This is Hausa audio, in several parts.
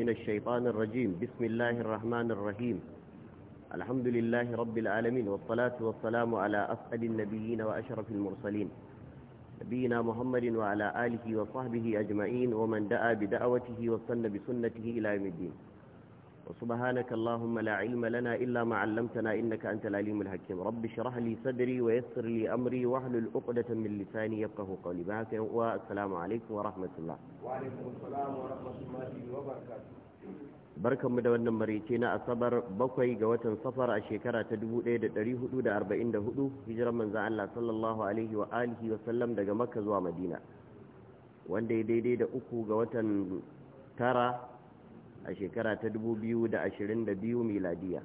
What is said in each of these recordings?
من الشيطان الرجيم بسم الله الرحمن الرحيم الحمد لله رب العالمين والصلاة والسلام على أسعد النبيين وأشرف المرسلين نبينا محمد وعلى آله وصحبه أجمعين ومن دعا بدعوته وصن بسنته إلى يوم الدين وسبحانك اللهم لا علم لنا إلا ما علمتنا إنك أنت العليم الحكيم رب اشرح لي صدري ويسر لي أمري واحلل عقدة من لساني يفقه قولي بهاك والسلام عليكم ورحمة الله وعليكم السلام ورحمة الله وبركاته barkan mu da wannan marice na asabar bakwai ga watan safar a shekara ta 1444 hijirar manzan Allah sallallahu alaihi wa alihi wa sallam daga makka zuwa madina wanda ya daidai da uku ga watan tara a shekara ta da 2022 miladiya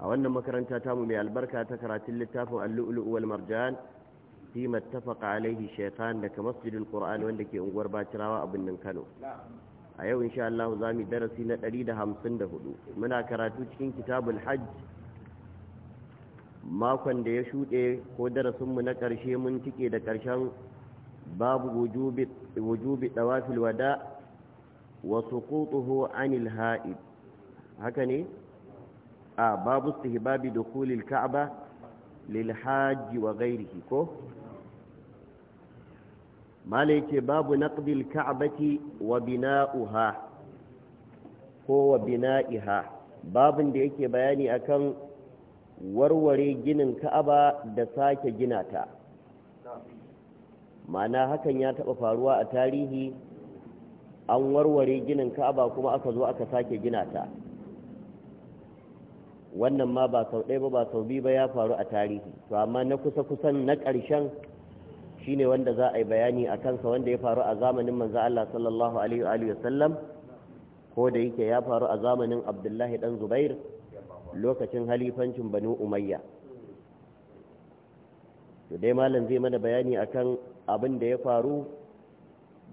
a wannan makaranta tamu mai albarka ta karatun littafin al wal marjan fi mattafaqa alaihi daga masjidil qur'an wanda ke unguwar bacirawa a birnin Kano a yau insha Allah za mu darasi na hudu. muna karatu cikin kitabul hajj makon da ya shuɗe ko darasinmu na ƙarshe mun cike da ƙarshen babu wujubi ɗawafil wada wa suqutuhu anil ha'id haka ne a babu istihbabi dukhulil ka'ba lil hajj wa ghairihi ko mala babu naqdil ka'bati wa bina'uha ko wa bina'iha babin da yake bayani akan warware ginin ka'aba da sake gina ta ma'ana hakan ya taɓa faruwa a tarihi an warware ginin ka ba kuma aka zo aka sake gina ta wannan ma ba sau ɗaya ba ba sau biyu ba ya faru a tarihi to amma na kusa kusan na ƙarshen shine wanda za a yi bayani a kansa wanda ya faru a zamanin manzo Allah sallallahu alaihi wa sallam ko da yake ya faru a zamanin Abdullahi dan Zubair lokacin halifancin Banu Umayya to dai malam zai mana bayani akan abin da ya faru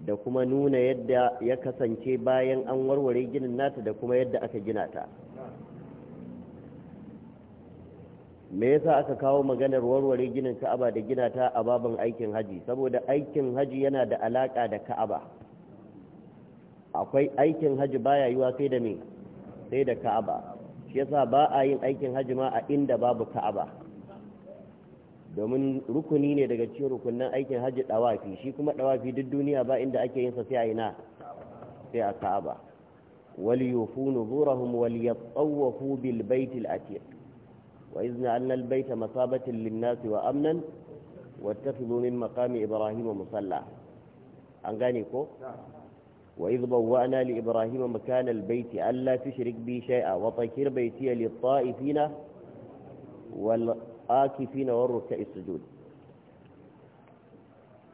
da kuma nuna yadda ya kasance bayan an warware ginin nata da kuma yadda aka gina ta me yasa aka kawo maganar warware ginin ka'aba da gina ta a babin aikin haji saboda aikin haji yana da alaka da ka'aba akwai aikin haji baya yiwa sai da me sai da ka'aba shi yasa ba a yin aikin haji ma a inda babu ka'aba domin rukuni ne daga cikin rukunin aikin hajji dawafi shi kuma dawafi duk duniya ba inda ake yin sa sai a ina sai a Ka'aba wal yufunu zurahum wal yatawafu bil baitil atiq wa izna anna al baita masabatan lin nas wa amnan wattakhidhu min maqami ibrahim musalla an gane ko wa idh bawwa'na li ibrahim makana al baiti alla tushrik bi shay'a wa tahir baitiya lit ta'ifina wal akifina war ruk'i sujud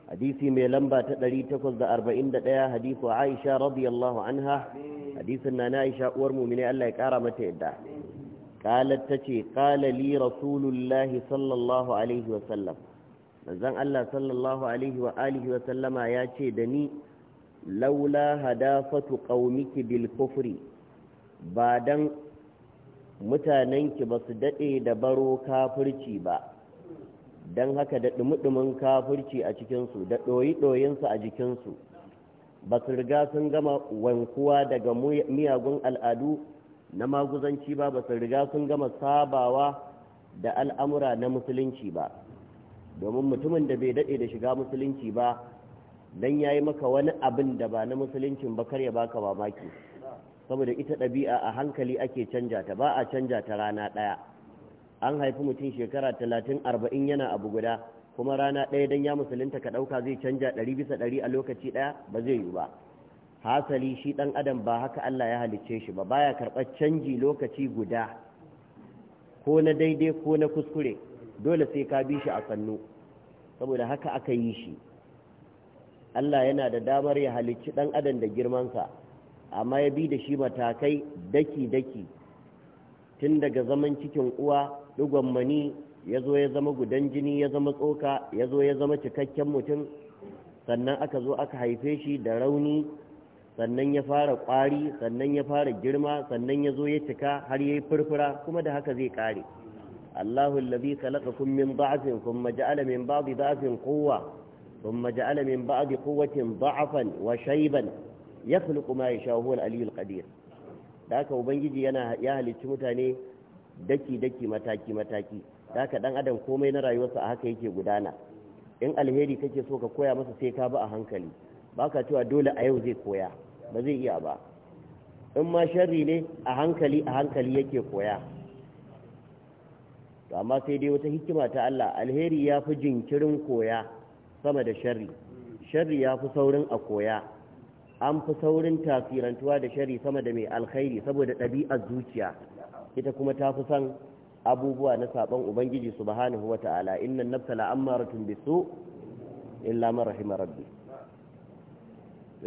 hadisi mai lamba ta 841 hadithu Aisha radiyallahu anha hadisin na Aisha uwar mu'mini Allah ya kara mata yadda qalat tace qala li rasulullahi sallallahu alaihi wa sallam manzon Allah sallallahu alaihi wa alihi wa sallama ya ce da ni laula hadafatu qaumiki bil kufri ba dan mutanenki ba su daɗe da baro kafirci ba don haka da ɗumi kafirci a cikinsu da ɗoyi-ɗoyinsu a jikinsu ba su riga sun gama wankuwa daga miyagun al'adu na maguzanci ba ba su riga sun gama sabawa da al'amura na musulunci ba domin mutumin da bai daɗe da shiga musulunci ba don ya yi maka wani abin da ba na musuluncin ba kar ya baka mamaki saboda ita ɗabi'a a hankali ake canja ta ba a canja ta rana ɗaya an haifi mutum shekara talatin arba'in yana abu guda kuma rana ɗaya don ya musulunta ka ɗauka zai canja ɗari bisa ɗari a lokaci ɗaya ba zai yi ba hasali shi ɗan adam ba haka Allah ya halicce shi ba baya karɓar canji lokaci guda ko na daidai ko na kuskure dole sai ka bi shi a sannu saboda haka aka yi shi Allah yana da damar ya halicci ɗan adam da girmansa amma ya bi da shi matakai daki-daki tun daga zaman cikin uwa ɗugon mani ya zo ya zama gudan jini ya zama tsoka ya zo ya zama cikakken mutum sannan aka zo aka haife shi da rauni sannan ya fara ƙwari sannan ya fara girma sannan ya zo ya cika har ya yi furfura kuma da haka zai ƙare الله الذي kun من ضعف ثم جعل من kulku ma ya huwa al-aliyyul qadir da ubangiji yana ya halicci mutane daki daki mataki mataki da dan adam komai na rayuwarsa a haka yake gudana in alheri kake so ka koya masa sai ka bi a hankali baka cewa dole a yau zai koya ba zai iya ba in ma sharri ne a hankali a hankali yake koya to amma sai dai wata hikima ta Allah alheri ya fi jinkirin koya sama da sharri sharri ya fi saurin a koya an fi saurin tasirantuwa da shari sama da mai alkhairi saboda ɗabi'ar zuciya ita kuma ta fi son abubuwa na saɓon ubangiji hannu wa ta'ala innan nafsa bi bisu illa lamar rahima rabbi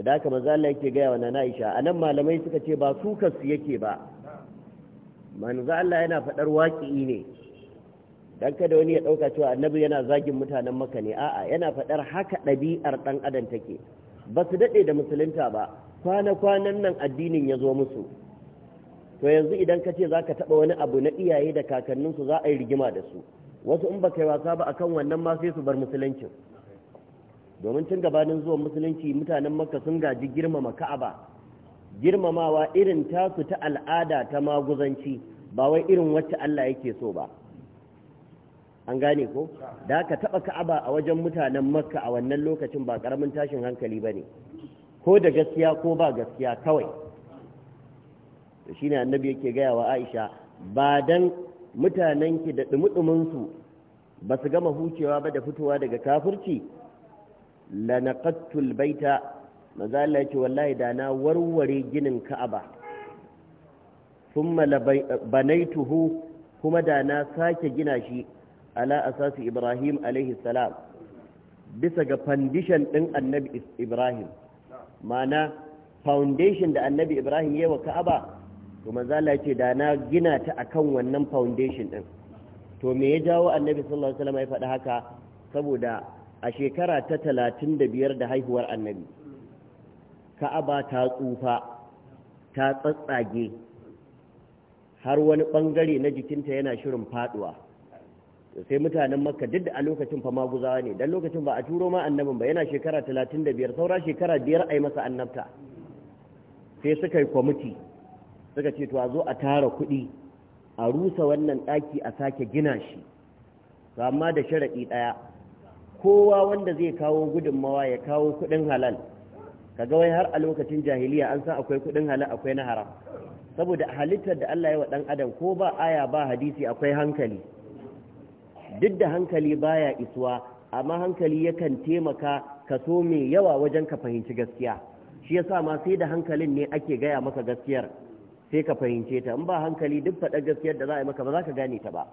da haka mazala yake gaya wa nana Aisha nan malamai suka ce ba su kasu yake ba manzo Allah yana faɗar waƙi ne dan kada wani ya ɗauka cewa annabi yana zagin mutanen maka ne a'a yana faɗar haka ɗabi'ar ɗan adam take ba su daɗe da musulunta ba kwana-kwanan nan addinin ya zo musu to yanzu idan ka ce za ka taɓa wani abu na iyaye da kakanninsu za a yi rigima da su wasu in ba kai wasa ba akan wannan ma sai su bar musuluncin domin tun gabanin zuwan musulunci mutanen makka sun gaji girmama ka'aba girmamawa irin tasu ta al'ada ta maguzanci ba wai irin wacce Allah yake so ba an gane ko da ka taɓa ka'aba a wajen mutanen makka a wannan lokacin ba karamin tashin hankali ba ne ko da gaskiya ko ba gaskiya kawai to shine annabi yake gaya wa aisha ba dan ki da ɗumi-ɗuminsu ba su gama hucewa ba da fitowa daga kafirci lanaqattul baita maza Allah wallahi da na warware ginin ka'aba thumma banaituhu kuma da na sake gina shi ala asasi ibrahim alaihi salam bisa ga foundation din annabi ibrahim mana foundation da annabi ibrahim yayi wa ka'aba to manzo Allah ce da na gina ta akan wannan foundation din to me ya jawo annabi sallallahu alaihi wasallam ya faɗi haka saboda a shekara ta 35 da haihuwar annabi ka'aba ta tsufa ta tsatsage har wani bangare na jikinta yana shirin faduwa sai mutanen makka duk da a lokacin fa maguzawa ne dan lokacin ba a turo ma annabin ba yana shekara 35 saura shekara biyar a yi masa annabta sai suka yi kwamiti suka ce to a zo a tara kuɗi a rusa wannan ɗaki a sake gina shi amma da sharaɗi ɗaya kowa wanda zai kawo gudunmawa ya kawo kuɗin halal kaga wai har a lokacin jahiliya an san akwai kuɗin halal akwai na haram saboda halittar da Allah ya wa ɗan adam ko ba aya ba hadisi akwai hankali duk da hankali baya isuwa amma hankali yakan taimaka ka so mai yawa wajen ka fahimci gaskiya shi yasa ma sai da hankalin ne ake gaya maka gaskiyar sai ka fahimce ta in ba hankali duk faɗa gaskiyar da za a yi maka ba za ka gane ta ba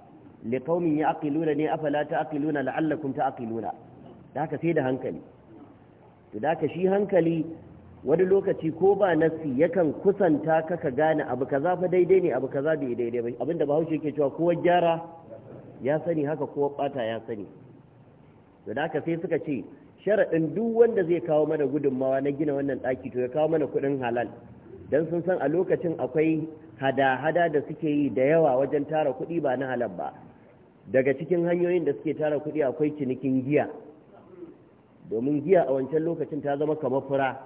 ya ya'qiluna ne afala ta'qiluna la'allakum ta'qiluna da haka sai da hankali to da haka shi hankali wani lokaci ko ba nassi yakan kusanta ka ka gane abu kaza fa daidai ne abu kaza bai daidai ba abinda bahaushe yake cewa kowa gyara ya sani haka kuma bata ya sani to da aka sai suka ce sharaɗin duk wanda zai kawo mana gudunmawa na gina wannan ɗaki to ya kawo mana kuɗin halal don sun san a lokacin akwai hada-hada da suke yi da yawa wajen tara kuɗi ba na halal ba daga cikin hanyoyin da suke tara kuɗi akwai cinikin giya domin giya a wancan lokacin ta zama kamar fura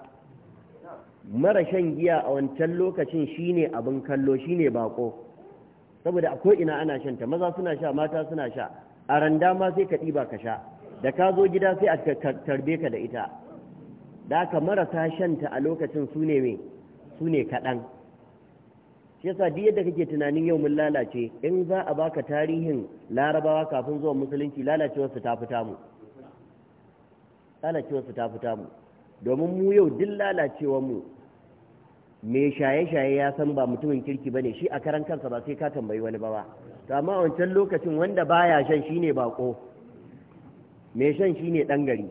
mara shan giya a wancan lokacin shine abin kallo shine bako saboda a ko'ina ana shanta maza suna sha mata suna sha a randa ma sai ka ɗiba ka sha da ka zo gida sai a tarbe ka da ita da aka marasa shanta a lokacin su ne mai kaɗan shi yasa duk yadda kake tunanin yau mun lalace in za a baka tarihin larabawa kafin zuwa musulunci lalacewarsu ta fita mu lalacewarsu ta fita mu domin mu yau duk mu. mai shaye-shaye ya san ba mutumin kirki bane shi a karan kansa ba sai ka tambayi wani ba ba amma a wancan lokacin wanda baya shan shine bako mai shan shine dan gari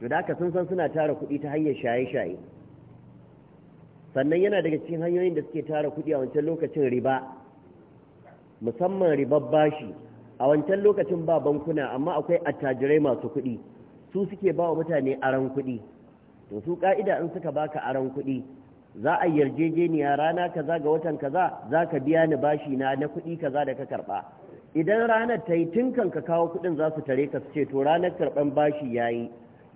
to da sun san suna tara kuɗi ta hanyar shaye-shaye sannan yana daga cikin hanyoyin da suke tara kuɗi a wancan lokacin riba musamman ribar bashi a wancan lokacin ba bankuna amma akwai attajirai masu kuɗi su suke ba wa mutane aron kuɗi to su ka'ida in suka baka aron kuɗi za a yarjejeniya rana kaza ga watan kaza za ka biya ni bashi na na kuɗi kaza da ka karɓa idan ranar ta yi tun kan ka kawo kuɗin za su tare ka su ce to ranar karɓan bashi ya yi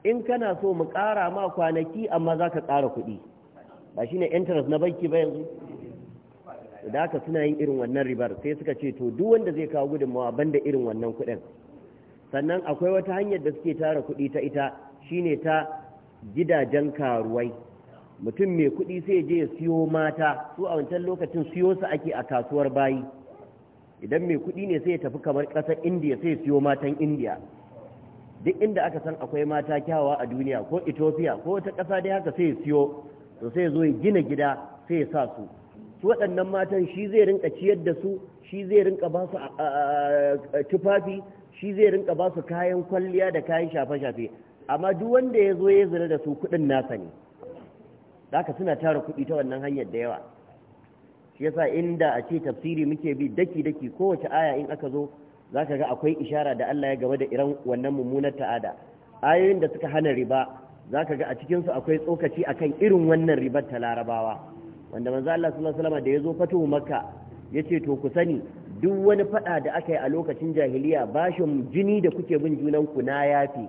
in kana so mu ƙara ma kwanaki amma za ka ƙara kuɗi ba shi ne interest na banki ba yanzu da haka suna yin irin wannan ribar sai suka ce to duk wanda zai kawo gudunmawa banda irin wannan kuɗin sannan akwai wata hanyar da suke tara kuɗi ta ita shine ta gidajen karuwai mutum mai kuɗi sai je ya siyo mata su a wancan lokacin siyo su ake a kasuwar bayi idan mai kuɗi ne sai ya tafi kamar ƙasar indiya sai ya siyo matan indiya duk inda aka san akwai mata kyawawa a duniya ko ethiopia ko wata kasa dai haka sai ya siyo to sai ya zo ya gina gida sai ya sa su su waɗannan matan shi zai rinka ciyar da su shi zai rinka ba su tufafi shi zai rinka ba su kayan kwalliya da kayan shafe-shafe amma duk wanda ya zo ya zina da su kuɗin nasa ne ka suna tara kuɗi ta wannan hanyar da yawa shi yasa inda a ce tafsiri muke bi daki daki kowace aya in aka zo zaka ga akwai ishara da Allah ya gaba da iran wannan mummunar ta'ada ayoyin da suka hana riba zaka ga a cikinsu akwai tsokaci akan irin wannan ribar ta larabawa wanda manzo Allah sallallahu alaihi ya da yazo fatuhu ya ce to ku sani duk wani fada da aka yi a lokacin jahiliya bashin jini da kuke bin junan ku na yafi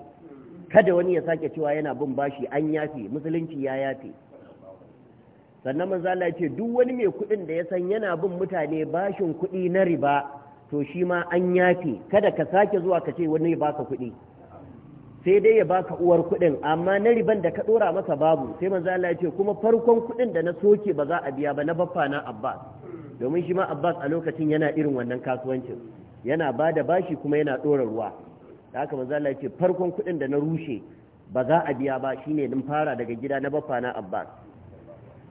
kada wani ya sake cewa yana bin bashi an yafe musulunci ya yafi. sannan manzo ce duk wani mai kuɗin da ya san yana bin mutane bashin kuɗi na riba to shi ma an yafi. kada ka sake zuwa ka ce wani ya baka kuɗi sai dai ya baka uwar kuɗin amma na riban da ka dora masa babu sai manzo ce kuma farkon kuɗin da na soke ba za a biya ba na baffa na Abbas domin shi ma Abbas a lokacin yana irin wannan kasuwancin yana ba da bashi kuma yana ɗora ruwa da haka manzo Allah farkon kuɗin da na rushe ba za a biya ba shine din fara daga gida na bafana Abbas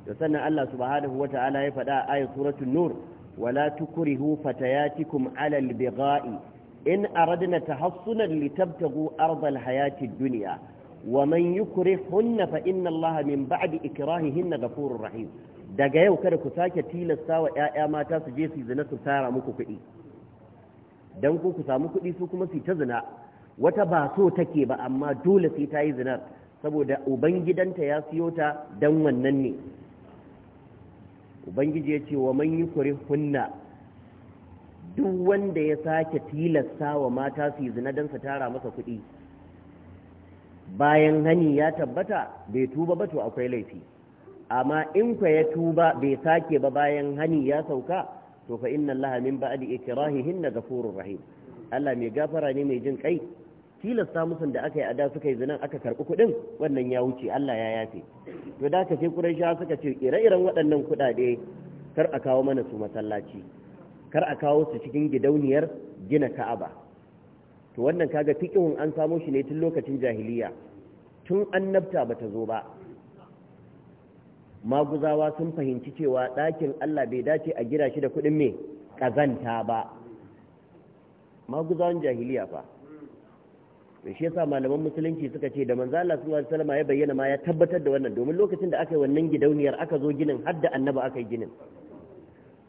da sannan Allah subhanahu ta'ala ya faɗa a ayat suratul nur wala tukrihu fatayatikum ala albigha'i in aradna tahassunan litabtagu ardal hayati dunya wa man yukrihunna fa inna Allah min ba'di ikrahihinna ghafurur rahim daga yau kada ku sake tilasta wa ƴaƴa mata su je su zina su tara muku kuɗi dan ku ku samu kuɗi su kuma su ta zina wata ba so take ba amma dole sai ta yi zinar saboda ubangidanta ya siyo ta don wannan ne ubangiji ya ce wa man yi kuri hunna duk wanda ya sake tilasta wa mata su yi zina don su tara masa kuɗi bayan hani ya tabbata bai tuba ba to akwai laifi amma in kwa ya tuba bai sake ba bayan hani ya sauka to fa inna allaha min ba'di ikrahihin ghafurur rahim Allah mai gafara ne mai jin kai tilasta musun da aka yi ada suka yi zinan aka karɓi kuɗin wannan ya wuce Allah ya yafe to da aka ce Qurayshawa suka ce ire-iren waɗannan kuɗaɗe kar a kawo mana su masallaci kar a kawo su cikin gidauniyar gina Ka'aba to wannan kaga fiqhun an samo shi ne tun lokacin jahiliya tun annabta bata zo ba maguzawa sun fahimci cewa ɗakin Allah bai dace a gira shi da kuɗin me ƙazanta ba maguzawan jahiliya fa to shi yasa malaman musulunci suka ce da manzo Allah sallallahu alaihi wasallam ya bayyana ma ya tabbatar da wannan domin lokacin da aka yi wannan gidauniyar aka zo ginin har da annabi aka yi ginin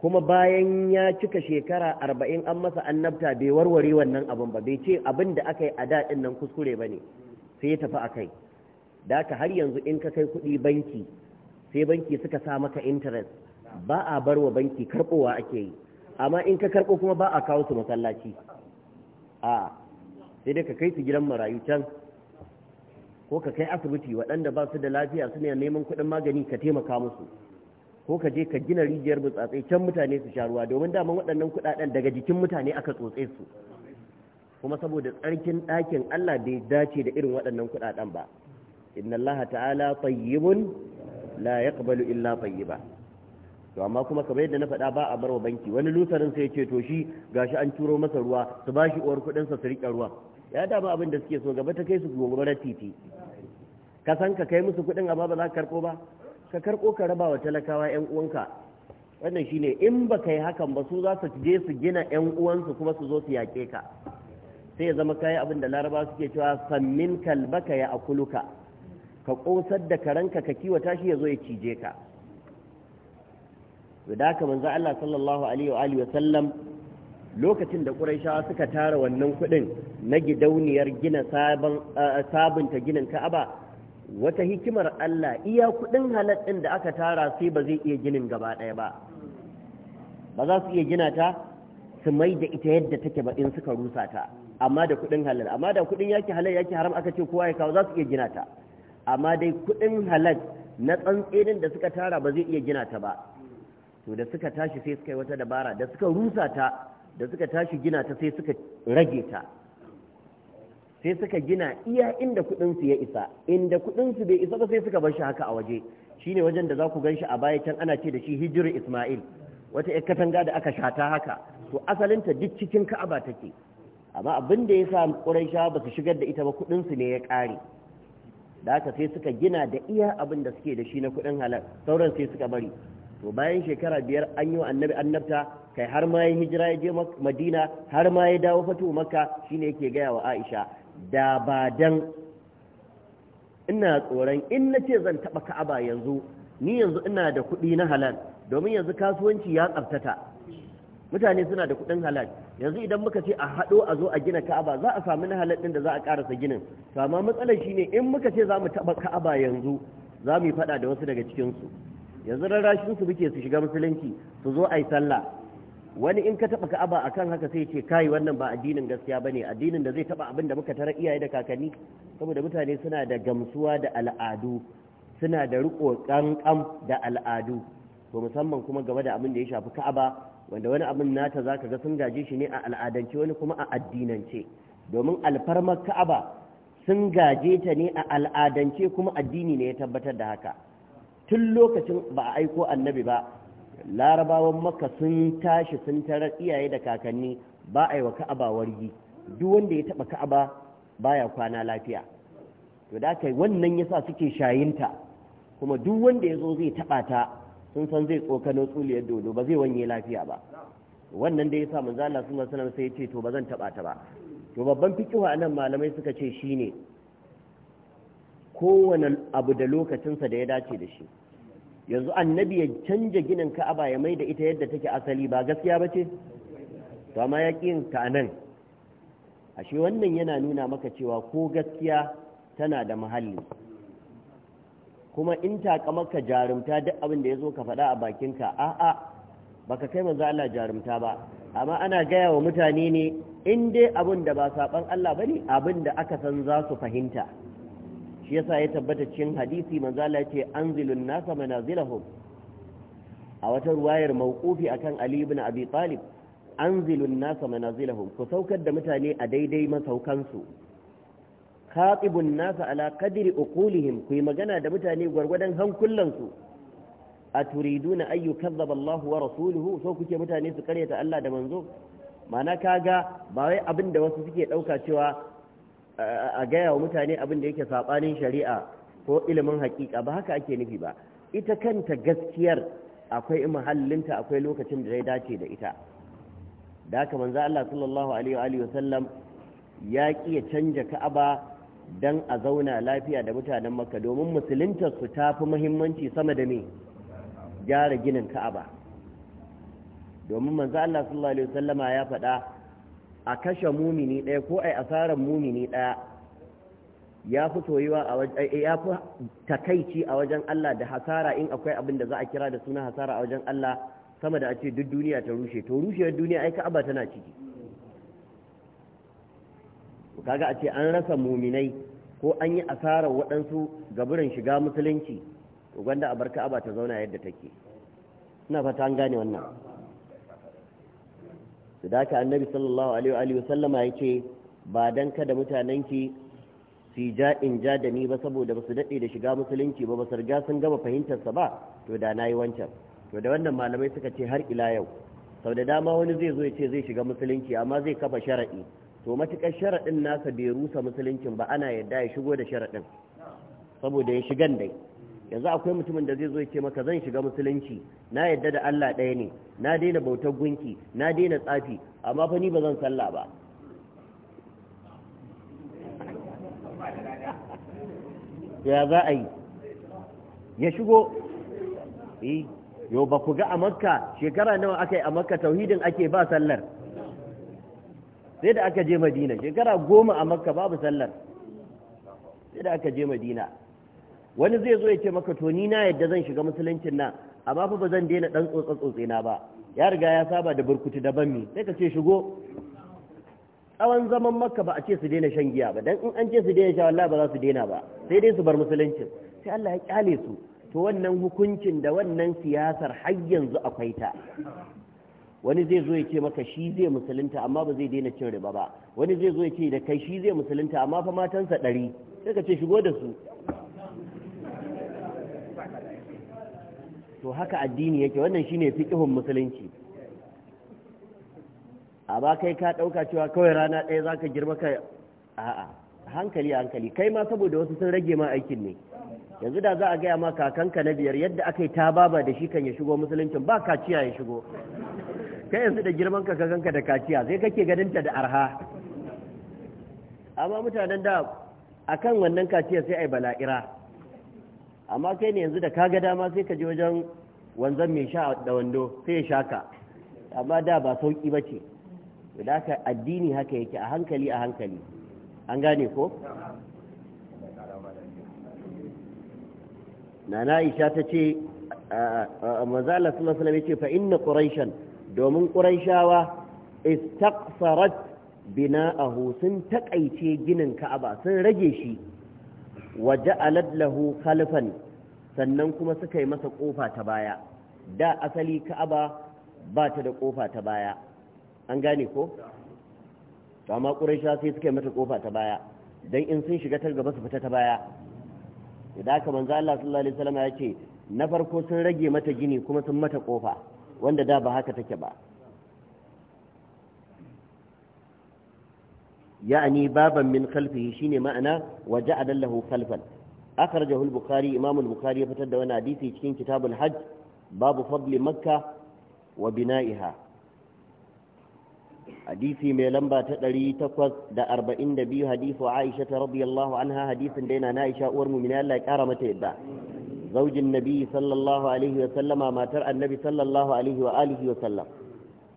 kuma bayan ya cika shekara arba'in an masa annabta bai warware wannan abun ba bai ce abin da aka yi a da din nan kuskure ba ne sai ya tafi a da aka har yanzu in ka kai kuɗi banki sai banki suka sa maka interest ba a bar wa banki karɓowa ake yi amma in ka karɓo kuma ba a kawo su masallaci a sai dai ka kai su gidan marayu can ko ka kai asibiti waɗanda ba su da lafiya su ne neman kuɗin magani ka taimaka musu ko ka je ka gina rijiyar burtsatsai can mutane su sha ruwa domin daman waɗannan kuɗaɗen daga jikin mutane aka tsotse su kuma saboda tsarkin ɗakin Allah bai dace da irin waɗannan kuɗaɗen ba inna Allah ta'ala tayyibun la yaqbalu illa tayyiba to amma kuma kamar yadda na faɗa ba a barwa banki wani lusarin sai ya ce to shi gashi an turo masa ruwa su bashi uwar kuɗin sa su riƙe ruwa ya dama abin da suke so gaba ta kai su gobe titi ka san ka kai musu kuɗin amma ba za ka karbo ba ka karbo ka raba wa talakawa 'yan uwanka wannan shine in ba kai yi hakan ba su za su je su gina 'yan uwansu kuma su zo su yaƙe ka sai ya zama kayi abin da laraba suke cewa sammin kalbaka ya akuluka ka kosar da karanka ka kiwata shi ya zo ya cije ka da haka manzo Allah sallallahu alaihi wa sallam lokacin da ƙuraishawa suka tara wannan kuɗin na gidauniyar gina sabunta ginin ka'aba wata hikimar Allah iya kuɗin halattun da aka tara sai ba zai iya ginin gaba ɗaya ba ba za su iya gina ta su mai da ita yadda take ba in suka rusa ta amma da kuɗin halal amma da kuɗin yaki halal yaki haram aka ce kowa ya kawo za su iya gina ta amma dai kuɗin halal na tsantsenin da suka tara ba zai iya gina ta ba to da suka tashi sai suka yi wata dabara da suka rusa ta da suka tashi gina ta sai suka rage ta sai suka gina iya inda kuɗinsu ya isa inda kuɗinsu bai isa ba sai suka bar shi haka a waje shine wajen da za ku gan shi a baya can ana ce da shi hijirin ismail wata yar katanga da aka shata haka to asalinta duk cikin ka'aba take amma abin da ya sa ƙuraisha ba su shigar da ita ba kuɗinsu ne ya ƙare da haka sai suka gina da iya abin da suke da shi na kuɗin halal sauran sai suka bari to bayan shekara biyar an yi wa annabi annabta kai har ma ya hijira ya je madina har ma ya dawo fatu shi shine yake gaya wa aisha da ba dan ina tsoron in na ce zan taɓa ka'aba yanzu ni yanzu ina da kuɗi na halal domin yanzu kasuwanci ya tsaftata mutane suna da kuɗin halal yanzu idan muka ce a haɗo a zo a gina ka'aba za a sami na halal ɗin da za a ƙarasa ginin to amma matsalar shine in muka ce za mu taɓa ka'aba yanzu za mu yi faɗa da wasu daga cikinsu yanzu rarrashinsu muke su shiga musulunci su zo a yi sallah wani in ka taba ka'aba akan haka sai ce kai wannan ba addinin gaskiya bane addinin da zai taba abin da muka tara iyaye da kakanni saboda mutane suna da gamsuwa da al'adu suna da riko kankam da al'adu to musamman kuma game da abin da ya shafi ka'aba wanda wani abin nata zaka ga sun gaje shi ne a al'adance wani kuma a addinance domin alfarmar ka'aba sun gaje ta ne a al'adance kuma addini ne ya tabbatar da haka tun lokacin ba a aiko annabi ba larabawan Maka sun tashi sun tarar iyaye da kakanni ba a yi wa ka'aba wargi duk wanda ya taba ka'aba baya kwana lafiya to da kai wannan yasa suke shayinta kuma duk wanda ya zo zai taba ta sun san zai tsokano tsuliyar dodo ba zai wanye lafiya ba wannan da yasa manzo Allah sallallahu alaihi sai ya ce to ba zan taba ta ba to babban fikihu nan malamai suka ce shine kowane abu da lokacinsa da ya dace da shi yanzu annabi ya canja ginin ka'aba ya mai da ita yadda take asali ba gaskiya ba ce to amma ya ƙi ta nan. ashe wannan yana nuna maka cewa ko gaskiya tana da muhalli kuma in taka maka jarumta duk abin da ya zo ka faɗa a bakinka a'a baka kai maza Allah jarumta ba amma ana gaya wa mutane ne in dai abin da ba saban Allah bane abin da aka san za su fahimta shi yasa ya tabbata cikin hadisi manzo Allah ce anzilun nasa manazilahum a wata ruwayar mawqufi akan Ali ibn Abi Talib anzilun nasa manazilahum ku saukar da mutane a daidai masaukansu khatibun nasa ala qadri uqulihim ku magana da mutane gwargwadon hankulansu a na an yukazzaba Allah wa rasuluhu so kuke mutane su karyata Allah da manzo mana kaga ba wai abin da wasu suke dauka cewa a gaya wa mutane abin da yake saɓanin shari'a ko ilimin haƙiƙa ba haka ake nufi ba ita kanta gaskiyar akwai mahallinta akwai lokacin da zai dace da ita da haka manzo Allah sallallahu alaihi wa sallam ya ki ya canja Ka'aba dan a zauna lafiya da mutanen Makka domin musuluntar su tafi muhimmanci sama da me gyara ginin Ka'aba domin manzo Allah sallallahu alaihi wa sallama ya faɗa a kashe mumini ɗaya ko a yi asarar mumini ɗaya ya fi soyuwa a eh, ya fi takaici a wajen Allah da hasara in akwai abin da za a kira da suna hasara a wajen Allah sama da a ce duk duniya ta rushe to rushewar duniya ai ka'aba tana ciki kaga a ce an rasa muminai ko an yi asarar waɗansu gaburin shiga musulunci to gwanda a bar ka'aba ta zauna yadda take ina fata an gane wannan su da aka annabi sallallahu alaihi wa sallama ya ce ba don kada mutanenki su ja in ja da ni ba saboda ba su daɗe da shiga musulunci ba ba su riga sun gama fahimtarsa ba to da na yi wancan to da wannan malamai suka ce har ila yau sau da dama wani zai zo ya ce zai shiga musulunci amma zai kafa sharaɗi to matuƙar sharaɗin nasa bai rusa musuluncin ba ana yadda ya shigo da sharaɗin saboda ya shigan dai yanzu akwai mutumin da zai zo ya ce maka zan shiga musulunci na yadda da Allah ɗaya ne na daina bautar gunki na daina tsafi amma fa ni ba zan sallah ba ya za a yi ya shigo eh yau ba ku ga a makka shekara nawa aka yi a makka tauhidin ake ba sallar sai da aka je madina shekara goma a makka babu sallar sai da aka je madina wani zai zo ya ce maka to ni na yadda zan shiga musuluncin nan amma fa ba zan daina dan tsotsa tsotse na ba ya riga ya saba da burkutu da banmi sai ka ce shigo tsawon zaman makka ba a ce su daina shan giya ba dan in an ce su daina sha wallahi ba za su daina ba sai dai su bar musuluncin sai Allah ya kyale su to wannan hukuncin da wannan siyasar har yanzu akwai ta wani zai zo ya ce maka shi zai musulunta amma ba zai daina cin riba ba wani zai zo ya ce da kai shi zai musulunta amma fa matansa ɗari sai ka ce shigo da su to haka addini yake wannan shine fiqhun musulunci a ba kai ka dauka cewa kawai rana ɗaya zaka girma ka a'a hankali hankali kai ma saboda wasu sun rage ma aikin ne yanzu da za a gaya ma kakanka na biyar yadda aka yi ta baba da shi kan ya shigo musuluncin ba kaciya ya shigo kai yanzu da girman ka kakanka da kaciya sai kake ganinta da arha amma mutanen da akan wannan kaciya sai ai bala'ira amma kai ne yanzu da kaga dama sai ka je wajen wanzan mai sha da wando sai ya shaka amma da ba sauki ba ce da aka addini haka yake a hankali a hankali an gane ko nana aisha ta ce manzala sallallahu alaihi wasallam ce fa inna quraishan domin quraishawa bina a sun taƙaice ginin ka'aba sun rage shi wa ja'alat lahu khalfan sannan kuma suka yi masa kofa ta baya da asali ka'aba ba ta da kofa ta baya an gane ko to amma quraisha sai suka yi mata kofa ta baya dan in sun shiga ta gaba su fita ta baya idan ka manzo Allah sallallahu alaihi wasallam ya ce na farko sun rage mata gini kuma sun mata kofa wanda da ba haka take ba يعني بابا من خلفه شيني معنى وجعل له خلفا أخرجه البخاري إمام البخاري فتد وانا حديثي شين كتاب الحج باب فضل مكة وبنائها حديثي من لمبا تدري تقوز دا أربعين دبيو حديث عائشة رضي الله عنها حديث دينا نائشة أورم من الله كارمة إبا زوج النبي صلى الله عليه وسلم ما ترى النبي صلى الله عليه وآله وسلم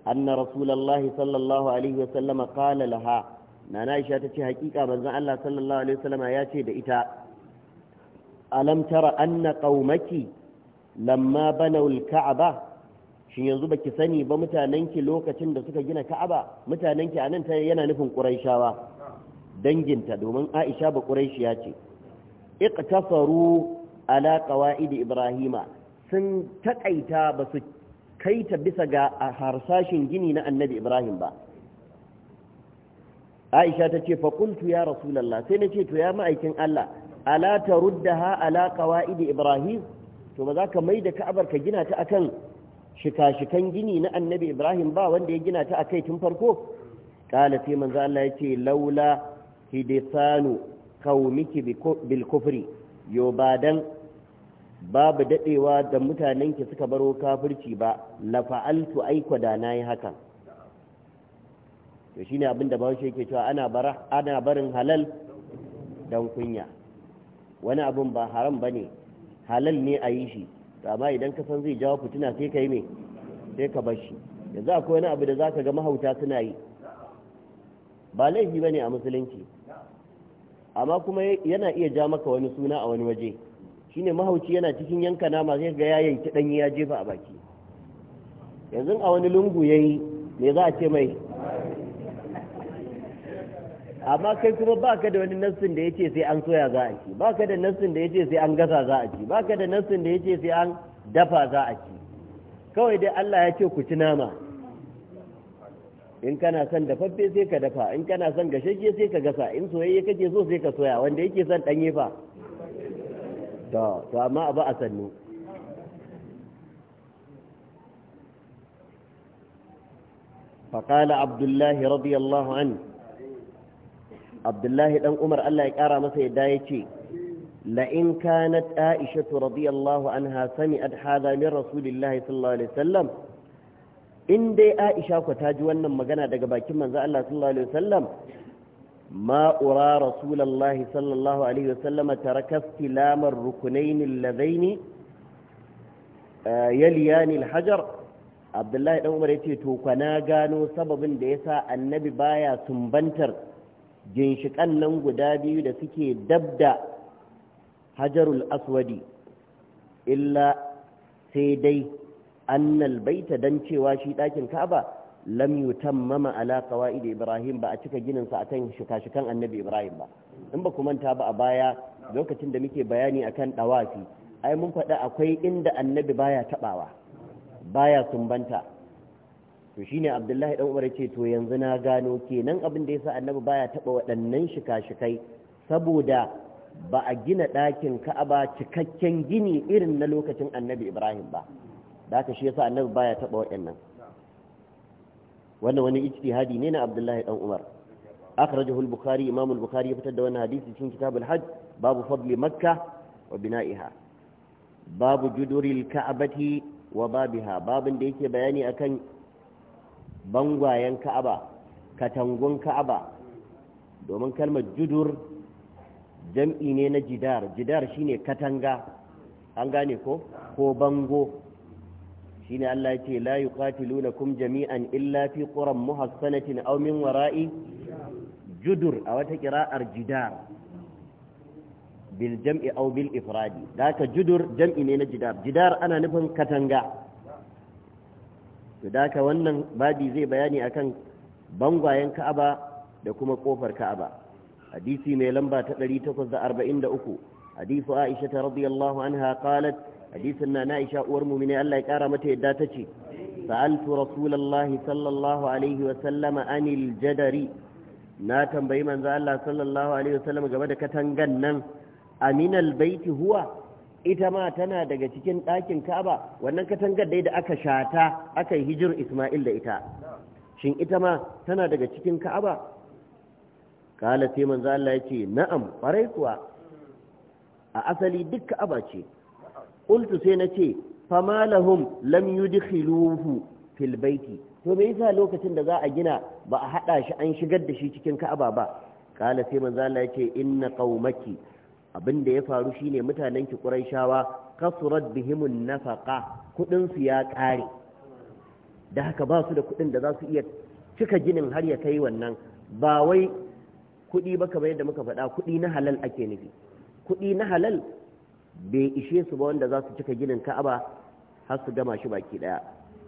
أن رسول الله صلى الله عليه وسلم قال لها nana Aisha ta ce hakika manzon Allah sallallahu alaihi ya ce da ita alam tara anna qaumaki lamma banaw al shin yanzu baki sani ba ki lokacin da suka gina ka'aba mutanenki anan ta yana nufin quraishawa danginta domin Aisha ba quraishiya ce iqtasaru ala qawaid ibrahima sun takaita ba su kaita bisa ga harsashin gini na annabi ibrahim ba aisha ta ce faƙuntu ya rasulallah sai na ce to ya ma'aikin allah ala ta ha ala idi ibrahim to ba za ka mai da ka'abar ka gina ta akan shika-shikan gini na annabi ibrahim ba wanda ya gina ta a kai tun farko ƙala sai manzo allah ya ce laula hidisanu kaumiki bil kufri yo dan babu daɗewa da mutanenki suka baro kafirci ba na fa'altu da nayi hakan to ne abin da bahaushe yake cewa ana ana barin halal don kunya wani abin ba haram ba ne halal ne a yi shi to amma idan ka san zai jawo fitina sai ka yi ne sai ka bar shi yanzu akwai wani abu da za ka ga mahauta suna yi ba laifi ba ne a musulunci amma kuma yana iya ja maka wani suna a wani waje shi ne mahauci yana cikin yanka nama zai ga ya yanki ɗanyi ya jefa a baki yanzu a wani lungu ya yi me za a ce mai amma kai kuma ba ka da wani nassin da ce sai an soya za a ci ka da nassin da ce sai an gasa za a ci ka da nassin da ce sai an dafa za a ci kawai dai Allah ya ce ku ci nama in kana son dafaffe sai ka dafa in kana son gashashe sai ka gasa in soyayye kake so sai ka soya wanda yake son danye fa to to amma abu a sannu فقال عبد الله رضي الله عنه abdullahi dan umar allah ya kara masa yadda ya ce la'in kanat aisha radiyallahu anha sami sami'at hadha min rasulillahi sallallahu alaihi wasallam in dai aisha ku ta ji wannan magana daga bakin manzo Allah sallallahu alaihi wasallam ma ura rasulullahi sallallahu alaihi wasallam taraka istilamar rukunain alladaini eh, yaliyan alhajar abdullahi dan umar yace to kwana gano sababin da yasa annabi baya sumbantar ginshiƙan nan guda biyu da suke dabda hajarul aswadi illa sai dai annal baita dan cewa shi ɗakin kaba lam yutammama ala qawaid ibrahim ba a cika ginin sa akan shika-shikan annabi ibrahim ba in ba manta ba a baya lokacin da muke bayani akan dawafi ai mun faɗa akwai inda annabi baya tabawa baya sumbanta to shine abdullahi dan umar ce to yanzu na gano kenan abin da ya sa annabi baya taba waɗannan shika-shikai saboda ba a gina ɗakin ka'aba cikakken gini irin na lokacin annabi ibrahim ba da aka shi yasa annabi baya taba waɗannan wannan wani ijtihadi ne na abdullahi dan umar akhrajahu al-bukhari imam al-bukhari ya fitar da wannan hadisi cikin kitabul hajj babu fadli Makka wa bina'iha babu juduril ka'abati wa babiha babin da yake bayani akan bangwayen ka'aba katangun ka'aba domin kalmar judur jam'i ne na jidar jidar shine katanga an gane ko ko bango shine Allah ya ce la yuqatilunakum jami'an illa fi quran muhassanatin aw min wara'i judur a wata kira'ar jidar bil jam'i aw bil ifradi daka judur jam'i ne na jidar jidar ana nufin katanga to da haka wannan babi zai bayani akan bangwayen ka'aba da kuma kofar ka'aba hadisi mai lamba ta 843 hadisu aisha ta radiyallahu anha qalat hadisin na aisha uwar mu'mini Allah ya kara mata yadda ta ce sa'altu rasulullahi sallallahu alaihi wa sallama anil jadari na tambayi manzo Allah sallallahu alaihi wa sallama game da katangan nan aminal baiti huwa ita ma tana daga cikin ɗakin ka'aba wannan katangar dai da aka shata aka yi hijir isma'il da ita shin ita ma tana daga cikin ka'aba kala sai manzo Allah yace na'am farai kuwa a asali duk ka'aba ce qultu sai nace fa malahum lam yudkhiluhu fil baiti to me yasa lokacin da za a gina ba a hada shi an shigar da shi cikin ka'aba ba kala sai manzo Allah yace inna qaumaki abin da ya faru shine mutanen ki quraishawa kasurat bihimun nafaka kudin su ya kare da haka ba su da kudin da za su iya cika ginin har ya kai wannan ba wai kudi ba kamar yadda muka faɗa kudi na halal ake nufi kudi na halal bai ishe su ba wanda za su cika ginin ka'aba har su gama shi baki daya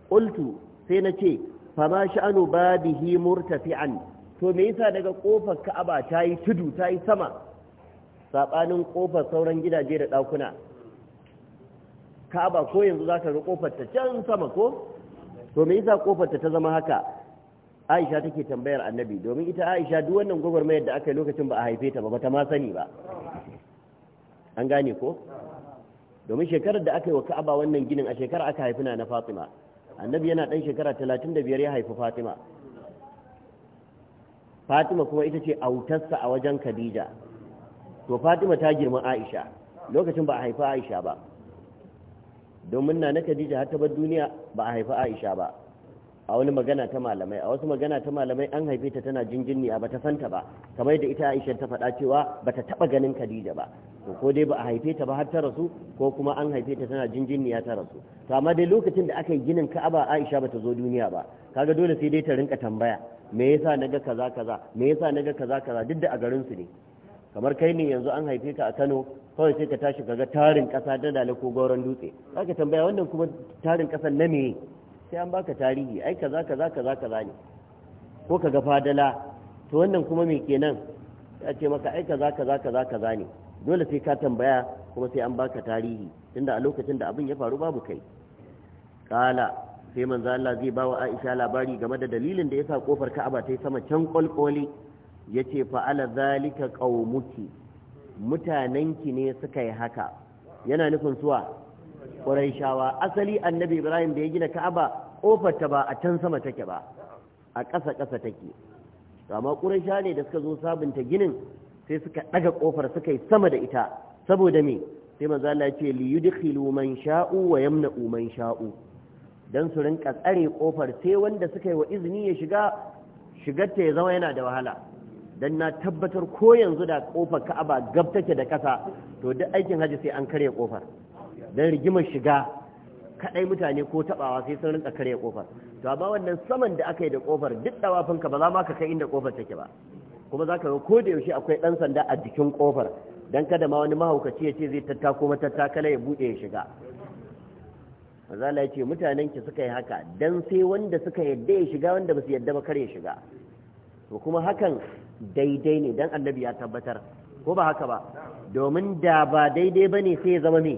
qultu sai na ce fama sha'anu babihi murtafi'an to me yasa daga kofar ka'aba tayi tudu tayi sama saɓanin ƙofar sauran gidaje da ɗakuna ka'aba ko yanzu za ka ga ƙofar ta can sama ko to me yasa ƙofar ta zama haka aisha take tambayar annabi domin ita aisha duk wannan gwagwarmayar da aka yi lokacin ba a haife ta ba ba ta ma sani ba an gane ko domin shekarar da aka yi wa ka'aba wannan ginin a shekara aka haifi na fatima annabi yana ɗan shekara talatin da biyar ya haifi fatima fatima kuma ita ce autarsa a wajen khadija to fatima ta girma aisha lokacin ba a haifi aisha ba domin na na khadija har ta bar duniya ba a haifi aisha ba a wani magana ta malamai a wasu magana ta malamai an haife ta tana jinjinni a bata santa ba kamar da ita aisha ta faɗa cewa bata taɓa ganin khadija ba to ko dai ba a haife ta ba har ta rasu ko kuma an haife ta tana ya ta rasu to amma dai lokacin da aka yi ginin ka'aba aisha ba ta zo duniya ba kaga dole sai dai ta rinka tambaya me yasa naga kaza kaza me yasa naga kaza kaza duk da a garin su ne kamar kai ne yanzu an haife ka a Kano kawai sai ka tashi kaga tarin kasa da dala ko goron dutse zaka tambaya wannan kuma tarin kasan na me sai an baka tarihi ai kaza kaza kaza kaza ne ko kaga fadala to wannan kuma me kenan ya ce maka ai kaza kaza kaza kaza ne dole sai ka tambaya kuma sai an baka tarihi tunda a lokacin da abin ya faru babu kai kala sai manzo Allah zai bawa Aisha labari game da dalilin da yasa kofar Ka'aba ta yi sama can kolkoli ya ce fa'ala zalika qaumuki mutanenki ne suka yi haka yana nufin suwa ƙuraishawa asali annabi ibrahim da ya gina ka'aba kofar ta ba a can sama take ba a ƙasa ƙasa take amma ƙuraisha ne da suka zo sabunta ginin sai suka ɗaga ƙofar suka yi sama da ita saboda me sai maza Allah ce li yudkhilu man sha'u wa yamna'u man sha'u dan su rinka tsare ƙofar sai wanda suka yi wa izini ya shiga shigar ta ya zama yana da wahala dan na tabbatar ko yanzu da kofar ka'aba gab take da kasa to duk aikin haji sai an karya kofar dan rigimar shiga kadai mutane ko tabawa sai sun rinka karya kofar to ba wannan saman da aka yi da kofar duk dawafin ka ba za ma ka kai inda kofar take ba kuma za ka ga ko da yaushe akwai dan sanda a jikin kofar dan kada ma wani mahaukaci ya ce zai tattako matattakala ya bude ya shiga mazala ya ce mutanen ki suka yi haka dan sai wanda suka yadda ya shiga wanda ba su yadda ba kar shiga to kuma hakan daidai ne don annabi ya tabbatar ko ba haka ba domin da ba daidai bane sai ya zama ne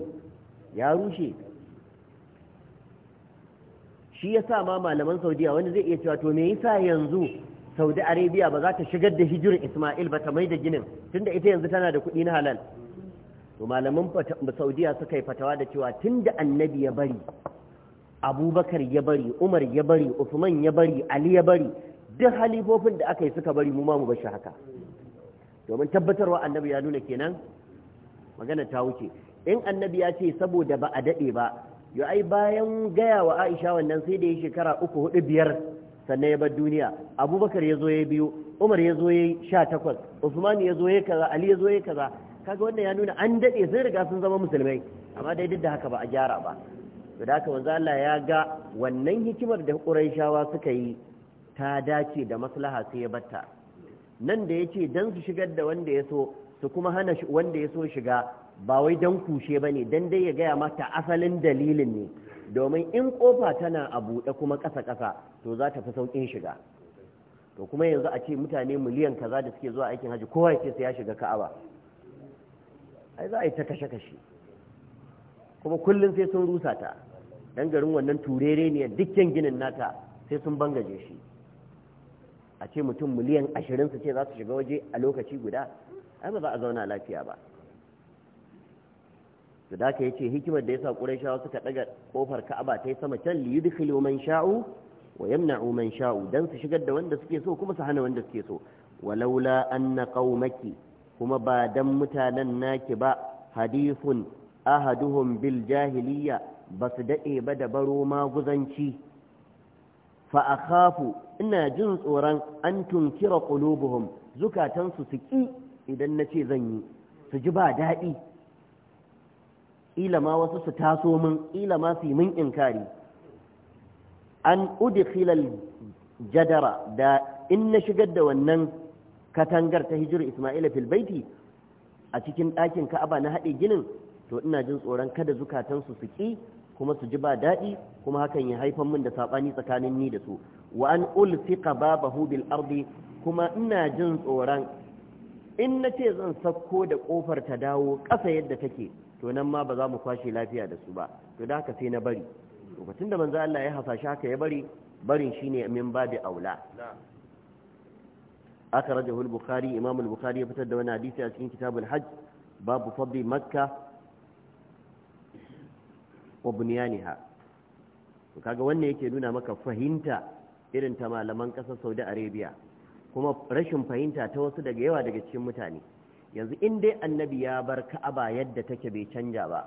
ya rushe shi ya sa ma malaman Saudiya wani zai iya cewa to me yasa yanzu Saudi Arabia ba za ta shigar da hijirin Ismail ba ta mai da ginin tunda ita yanzu tana da kuɗi na halal to malaman Saudiya suka yi fatawa da cewa tun da annabi ya bari abubakar ya bari umar ya bari usman ya bari ali ya bari duk halifofin da aka yi suka bari mu ma mu bashi haka domin tabbatarwa annabi ya nuna kenan magana ta wuce in annabi ya ce saboda ba a daɗe ba yo ai bayan gaya wa aisha wannan sai da ya shekara uku hudu biyar sannan ya bar duniya abubakar ya zo ya biyo umar ya zo ya sha takwas usman ya zo ya kaza ali ya zo ya kaza kaga wannan ya nuna an daɗe sun riga sun zama musulmai amma dai duk da haka ba a gyara ba to da haka manzo Allah ya ga wannan hikimar da Qurayshawa suka yi ta dace da maslaha sai ya batta nan da yace dan su shigar da wanda ya so su kuma hana wanda ya so shiga ba wai dan kushe ba ne dan dai ya gaya mata asalin dalilin ne domin in kofa tana a buɗe kuma kasa kasa to za ta fi sauƙin shiga to kuma yanzu a ce mutane miliyan kaza da suke zuwa aikin hajji kowa ya ce sai ya shiga ka'aba ai za a yi ta kashe-kashe kuma kullum sai sun rusa ta dan garin wannan turere ne dukkan ginin nata sai sun bangaje shi a ce mutum miliyan ashirin su ce za su shiga waje a lokaci guda ai ba za a zauna lafiya ba su da ka yace hikimar da yasa quraishawa suka daga kofar ka'aba ta sama can li filo man sha'u wa yamna'u man sha'u dan su shigar da wanda suke so kuma su hana wanda suke so walaula na qaumaki kuma ba dan mutanen naki ba hadifun ahaduhun bil jahiliya basu daɗe ba da baro maguzanci fa akhafu ina jin tsoron an tunkira qulubuhum zukatansu su ki idan nace zan yi su ji ba daɗi ila wasu su taso min ila ma su yi min inkari an udi filal jadara da in na shigar da wannan katangar ta hijir Isma'ila filbaiti a cikin ɗakin Ka'aba na haɗe ginin to ina jin tsoron kada zukatansu su ƙi. kuma su ji ba daɗi kuma hakan ya haifan min da saɓani tsakanin ni da su wa an ulfiqa babahu bil ardi kuma ina jin tsoron in na ce zan sakko da ƙofar ta dawo ƙasa yadda take to nan ma ba za mu kwashe lafiya da su ba to da haka sai na bari lokacin da manzo Allah ya hasashe haka ya bari barin shine min babi aula aka rajahu al-bukhari imam al-bukhari ya fitar da wani hadisi a cikin kitabul hajj babu fadli makkah wa bunyaniha kaga wannan yake nuna maka fahimta irin ta malaman ƙasar Saudi Arabia kuma rashin fahimta ta wasu daga yawa daga cikin mutane yanzu in dai annabi ya bar Ka'aba yadda take bai canja ba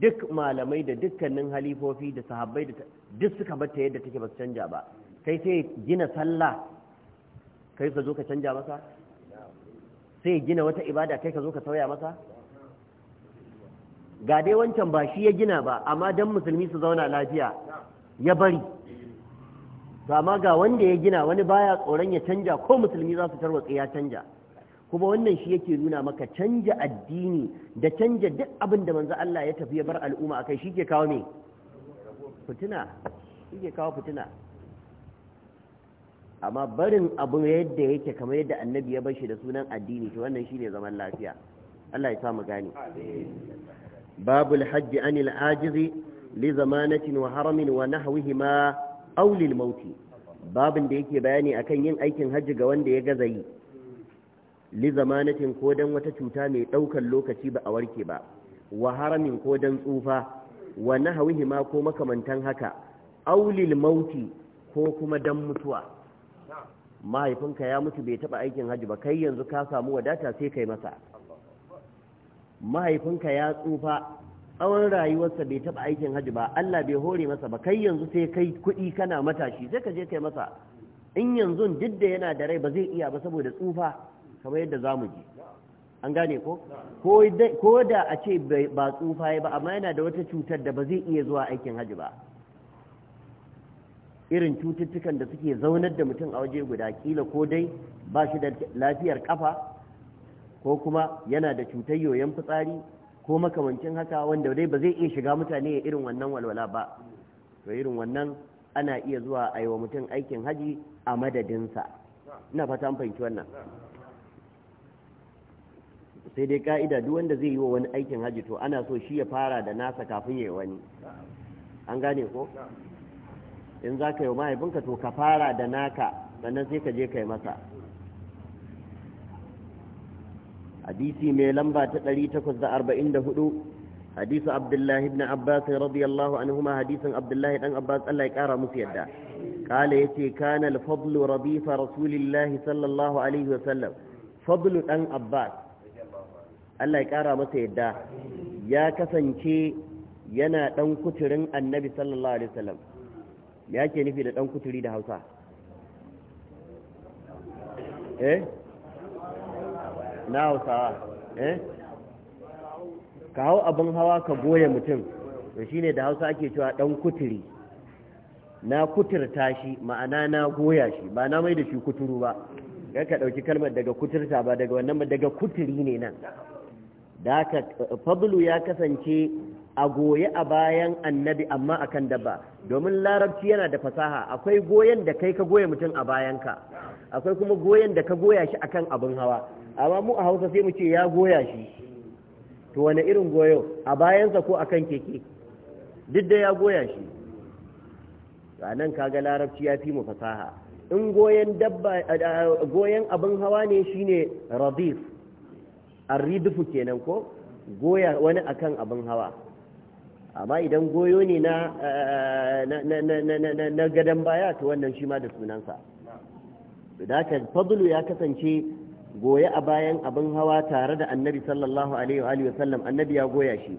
duk malamai da dukkanin halifofi da sahabbai da duk suka bata yadda take ba canja ba kai sai gina sallah kai ka zo ka canja masa sai gina wata ibada kai ka zo ka sauya masa ga dai wancan ba shi ya gina ba amma dan musulmi su zauna lafiya ya bari amma ga wanda ya gina wani baya tsoron ya canja ko musulmi za su tarwatsa ya canja kuma wannan shi yake nuna maka canja addini da canja duk abin da manzo Allah ya tafi ya bar al'umma akai shi ke kawo me fitina shi ke kawo fitina amma barin abu yadda yake kamar yadda annabi ya bashi da sunan addini to wannan shine zaman lafiya Allah ya sa mu gane باب الحج عن العاجز لزمانة وحرم ونحوهما أو للموت باب da yake bayani akan yin aikin hajji ga wanda ya gaza yi li zamanatin ko dan wata cuta mai ɗaukan lokaci ba a warke ba wa haramin ko dan tsufa wa nahwihima ko makamantan haka aulil mauti ko kuma dan mutuwa mahaifinka ya mutu bai taɓa aikin hajji ba kai yanzu ka samu wadata sai kai masa mahaifinka ya tsufa tsawon rayuwarsa bai taba aikin hajji ba Allah bai hore masa ba kai yanzu sai kai kuɗi kana matashi sai ka je kai masa in yanzu duk da yana da rai ba zai iya ba saboda tsufa kamar yadda za mu ji an gane ko ko da a ce ba tsufa ya ba amma yana da wata cutar da ba zai iya zuwa aikin hajji ba irin cututtukan da suke zaunar da mutum a waje guda kila ko dai ba shi da lafiyar kafa ko kuma yana da cutar yoyon fitsari ko makamancin haka wanda dai ba zai iya shiga mutane ya irin wannan walwala ba to irin wannan ana iya zuwa a yi wa mutum aikin haji a madadinsa ina fata an fahimci wannan sai dai ka'ida duk wanda zai yi wa wani aikin haji to ana so shi ya fara da nasa kafin ya yi wani an gane ko in za ka yi wa mahaifinka to ka fara da naka sannan sai ka je ka yi masa hadisi mai lamba ta 844 hadisu abdullahi ibn abbas radiyallahu anhuma hadisin abdullahi dan abbas Allah ya kara musu yadda kala yace kana al-fadl rabifa rasulillahi sallallahu alaihi wa sallam fadl dan abbas Allah ya kara masa yadda ya kasance yana dan kuturin annabi sallallahu alaihi wa sallam ya nufi da dan kuturi da Hausa eh na hausawa eh ka hau abin hawa ka goye mutum to shine da hausa ake cewa dan kuturi na kuturta shi ma'ana na goya shi ba na mai da shi kuturu ba kai ka ɗauki kalmar daga kuturta ba daga wannan ba daga kuturi ne nan da haka fadlu ya kasance a goye a bayan annabi amma akan dabba domin larabci yana da fasaha akwai goyen da kai ka goye mutum a bayanka akwai kuma goyen da ka goya shi akan abin hawa amma mu a hausa sai mu ce ya goya shi to wani irin goyo a bayansa ko akan keke duk da ya goya shi a nan kaga larabci ya fi mu fasaha in goyon dabba goyon abin hawa ne shine radif arridufu kenan ko goya wani akan abin hawa amma idan goyo ne na gadon baya to wannan shi ma da sunansa da fadlu ya kasance goye a bayan abin hawa tare da annabi sallallahu alaihi wa sallam annabi ya goya shi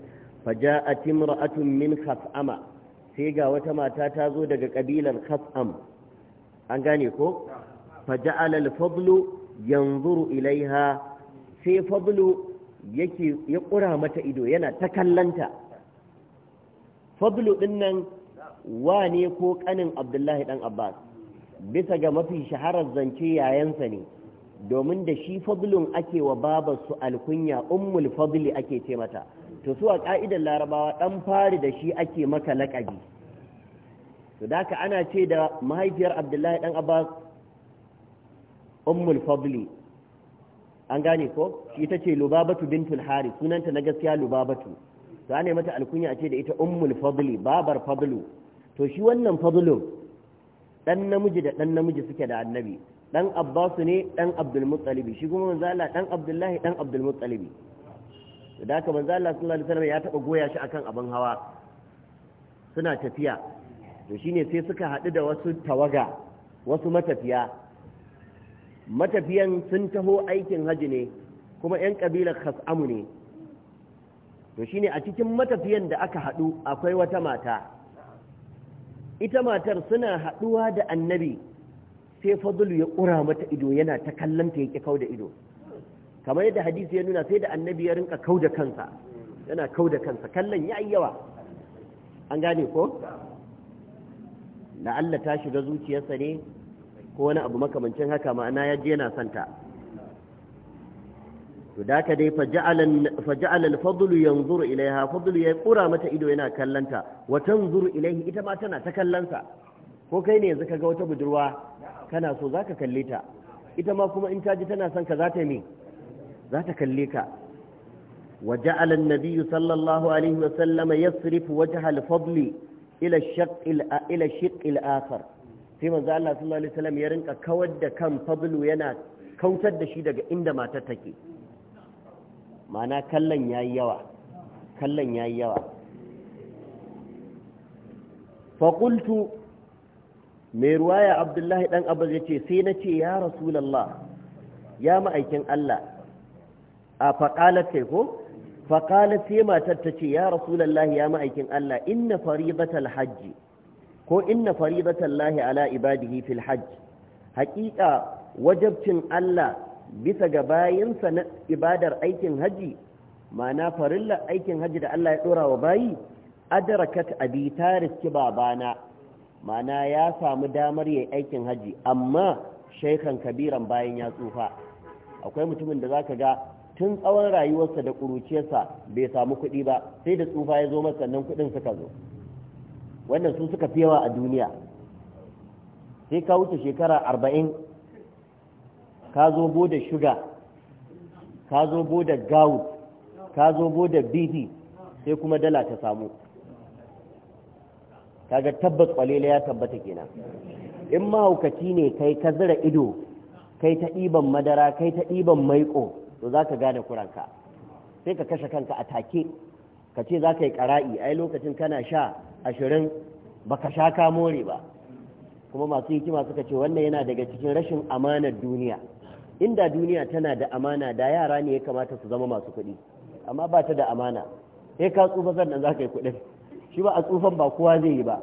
faja'at imra'atun min khas'ama sai ga wata mata ta zo daga kabilar khas'am an gane ko faja'ala al-fadlu yanzuru ilaiha sai fadlu yake ya kura mata ido yana ta kallanta fadlu nan wane ko kanin abdullahi dan abbas bisa ga mafi shaharar zance yayansa ne domin da shi fadlun ake wa babarsu alkunya ummul fadli ake ce mata to su a ka'idar larabawa dan fari da shi ake maka lakabi. to daka ana ce da mahaifiyar abdullahi dan abbas ummul fadli an gane ko ita ce lubabatu bintul hari sunanta na gaskiya lubabatu to ana mata alkunya ce da ita ummul fadli babar fadlu to shi wannan fadlun dan namiji da dan namiji suke da annabi dan abbasu ne dan abdulmuttalibi shi kuma manzo Allah dan abdullahi dan abdulmuttalibi da haka manzo Allah sallallahu alaihi wasallam ya taba goya shi akan abin hawa suna tafiya to shine sai suka haɗu da wasu tawaga wasu matafiya matafiyan sun taho aikin haji ne kuma 'yan kabilar khas'amu ne to shine a cikin matafiyan da aka haɗu akwai wata mata ita matar suna haɗuwa da annabi sai fadlu ya ƙura mata ido yana ta kallanta ya ƙi kau da ido kamar yadda hadisi ya nuna sai da annabi ya rinka kau da kansa yana kau da kansa kallon ya yi yawa an gane ko Allah ta shiga zuciyarsa ne ko wani abu makamancin haka ma'ana ya je yana santa to da ka dai faja'al al-fadl yanzuru ilaiha fadl ya kura mata ido yana kallanta wa tanzuru ilaihi ita ma tana ta kallansa ko kai ne yanzu kaga wata budurwa kana so za ka kalle ta ita ma kuma in ta ji tana son ka za ta me za ta kalle ka waje النبي صلى الله عليه وسلم يصرف وجه الفضل إلى الشق إلى الشق الآخر في مزال الله صلى الله عليه وسلم يرنك كود كم فضل da shi daga inda matar take ma'ana kallon yayi yawa kallon yayi yawa fa qultu mai ruwaya abdullahi dan abbas ya ce sai na ce ya rasulallah ya ma'aikin allah a faƙalar kai ko faƙalar sai matar ta ce ya rasulallah ya ma'aikin allah inna faridatal hajji ko inna faridatal lahi ala ibadihi fil hajji haƙiƙa wajabcin allah bisa ga bayansa na ibadar aikin hajji ma'ana farilla aikin hajji da allah ya ɗora wa bayi adarakat abi ta riski babana ma'ana ya samu damar yayi aikin haji amma shaikan kabiran bayan ya tsufa akwai mutumin da zaka ga tun tsawon rayuwarsa da ƙuruciyarsa bai samu kuɗi ba sai da tsufa ya zo masa nan kuɗin suka zo wannan su suka fi yawa a duniya sai ka wuce shekara arba'in ka zo boda shuga ka zo boda gout ka zo boda bp sai kuma dala ta samu kaga tabbas kwalele ya tabbata kenan in mahaukaci ne kai ka zira ido kai ta ɗiban madara kai ta ɗiban maiƙo to za ka gane kuranka sai ka kashe kanka a take ka ce za ka yi ƙara'i ai lokacin kana sha ashirin ba ka sha ka more ba kuma masu hikima suka ce wannan yana daga cikin rashin amanar duniya inda duniya tana da amana da yara ne ya kamata su zama masu kuɗi amma ba ta da amana sai ka tsufa sannan za ka yi kuɗin shi ba a tsufan ba kowa zai yi ba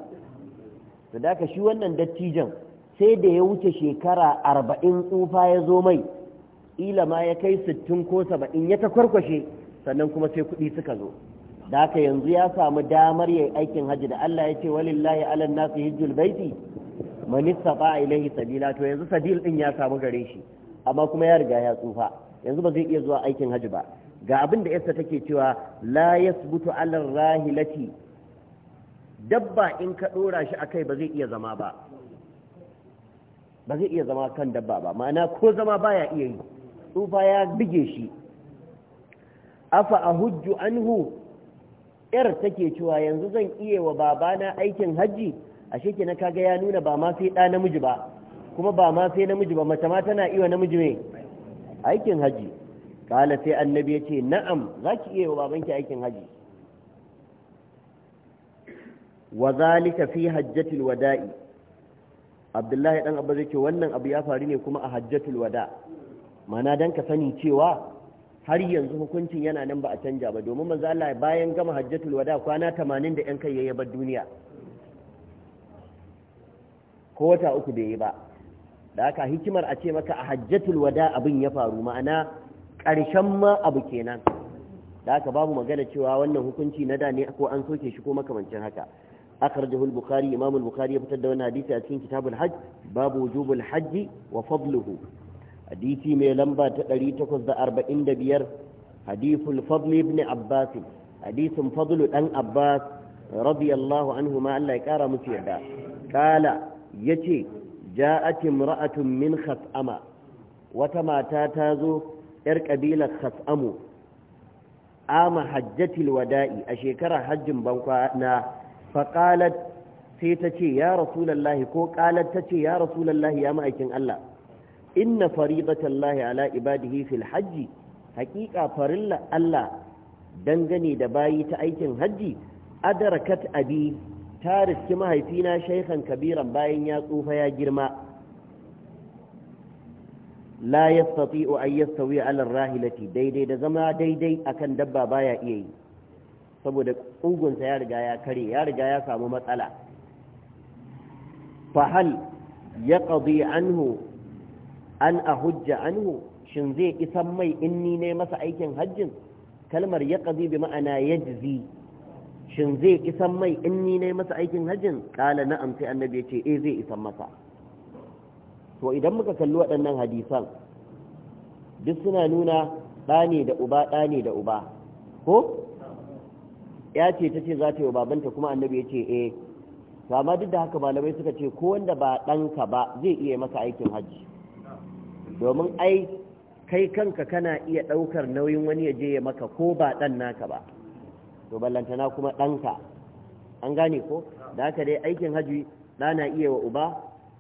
Sadaka shi wannan dattijan sai da ya wuce shekara arba'in tsufa ya zo mai ila ma ya kai sittin ko saba'in ya ta kwarkwashe sannan kuma sai kuɗi suka zo da haka yanzu ya samu damar yayi aikin hajji da Allah ya ce walillahi ala nasi hijjul baiti man istata ilaihi sabila to yanzu sabil din ya samu gare shi amma kuma ya riga ya tsufa yanzu ba zai iya zuwa aikin hajji ba ga abin da yasta take cewa la yasbutu ala rahilati dabba in ka dora shi a kai ba zai iya zama ba ba zai iya zama kan dabba ba ma'ana ko zama baya iya yi tsufa ya bige shi afa a hujju anhu yar take cewa yanzu zan iya wa babana aikin hajji a sheke kaga ya nuna ba ma sai ɗa namiji ba kuma ba ma sai namiji ba mace ma tana iya namiji mai aikin hajji kala sai annabi ya ce na'am za ki iya wa babanki aikin hajji wa zalika fi hajjatul wada'i abdullahi dan abba zai ce wannan abu ya faru ne kuma a hajjatul wada mana dan ka sani cewa har yanzu hukuncin yana nan ba a canja ba domin manzo Allah bayan gama hajjatul wada kwana 80 da yan kai yayi bar duniya ko wata uku bai yi ba da haka hikimar a ce maka a hajjatul wada abin ya faru ma'ana ƙarshen ma abu kenan da haka babu magana cewa wannan hukunci na da ne ko an soke shi ko makamancin haka أخرجه البخاري إمام البخاري فتدونا حديثي أتين كتاب الحج باب وجوب الحج وفضله حديثي ميلمبا تقريتكوز دا أربعين دبير حديث الفضل ابن عباس حديث فضل أن عباس رضي الله عنهما ألا يكار مسيدا قال يتي جاءت امرأة من خسأمة وتما تاتازو إر قبيلة خسأمو ama hajjatil wada'i a shekarar hajjin bankwana faƙalat sai ta ce ya rasulallahi ko ƙalat ta ce ya rasulallahi ya ma'aikin Allah inna faridatallahi ala ibadihi fil hajji haƙiƙa farilla Allah dangane da bayi ta aikin hajji adarakat abi ta riski mahaifina shaikhan kabiran bayan ya tsufa ya girma la yastati'u an yastawi ala rahilati daidai da zama daidai akan dabba baya iya yi saboda ƙungunsa ya riga ya kare ya riga ya samu matsala fahal ya ƙazi anhu an a hujja anhu shin zai isan mai inni ne masa aikin hajjin kalmar ya ƙazi bi ma'ana ya jizi shin zai isan mai inni ne masa aikin hajjin ƙala na amsi annabi ce eh zai isan masa to idan muka kalli waɗannan hadisan duk suna nuna ɗane da uba ɗa da uba ko ya ce ta ce za ta yi wa babanta kuma annabi ya ce eh to amma duk da haka malamai suka ce ko wanda ba ɗanka ba zai iya maka aikin hajji domin ai kai kanka kana iya ɗaukar nauyin wani ya je ya maka ko ba ɗan naka ba to ballantana kuma ɗanka an gane ko da haka dai aikin hajji ɗa na iya wa uba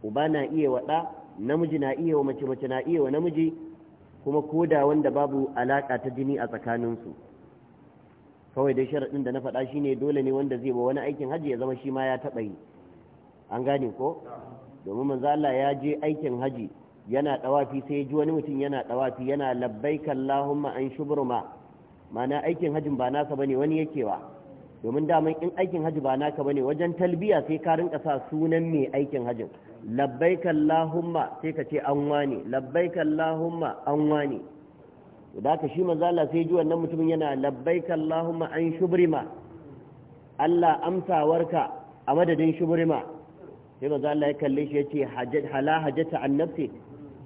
uba na iya wa ɗa namiji na iya wa mace mace na iya wa namiji kuma koda wanda babu alaƙa ta jini a tsakaninsu kawai dai sharaɗin da na faɗa shi ne, dole ne wanda zai ba wani aikin hajji ya zama shi ma ya taɓa yi an gane ko domin manzo Allah ya je aikin haji yana dawafi sai ji wani mutum yana dawafi yana labbaika Allahumma an shubruma mana aikin hajjin ba nasa bane wani yake wa domin daman in aikin hajji ba naka bane wajen talbiya sai ka rinka sa sunan mai aikin hajjin labbaika Allahumma sai ka ce an wani labbaika Allahumma an wani da aka shi manzo sai ji wannan mutumin yana labbaika Allahumma an shubrima Allah amsawarka a madadin shubrima sai manzo ya kalle shi yace hajjat hala hajjata an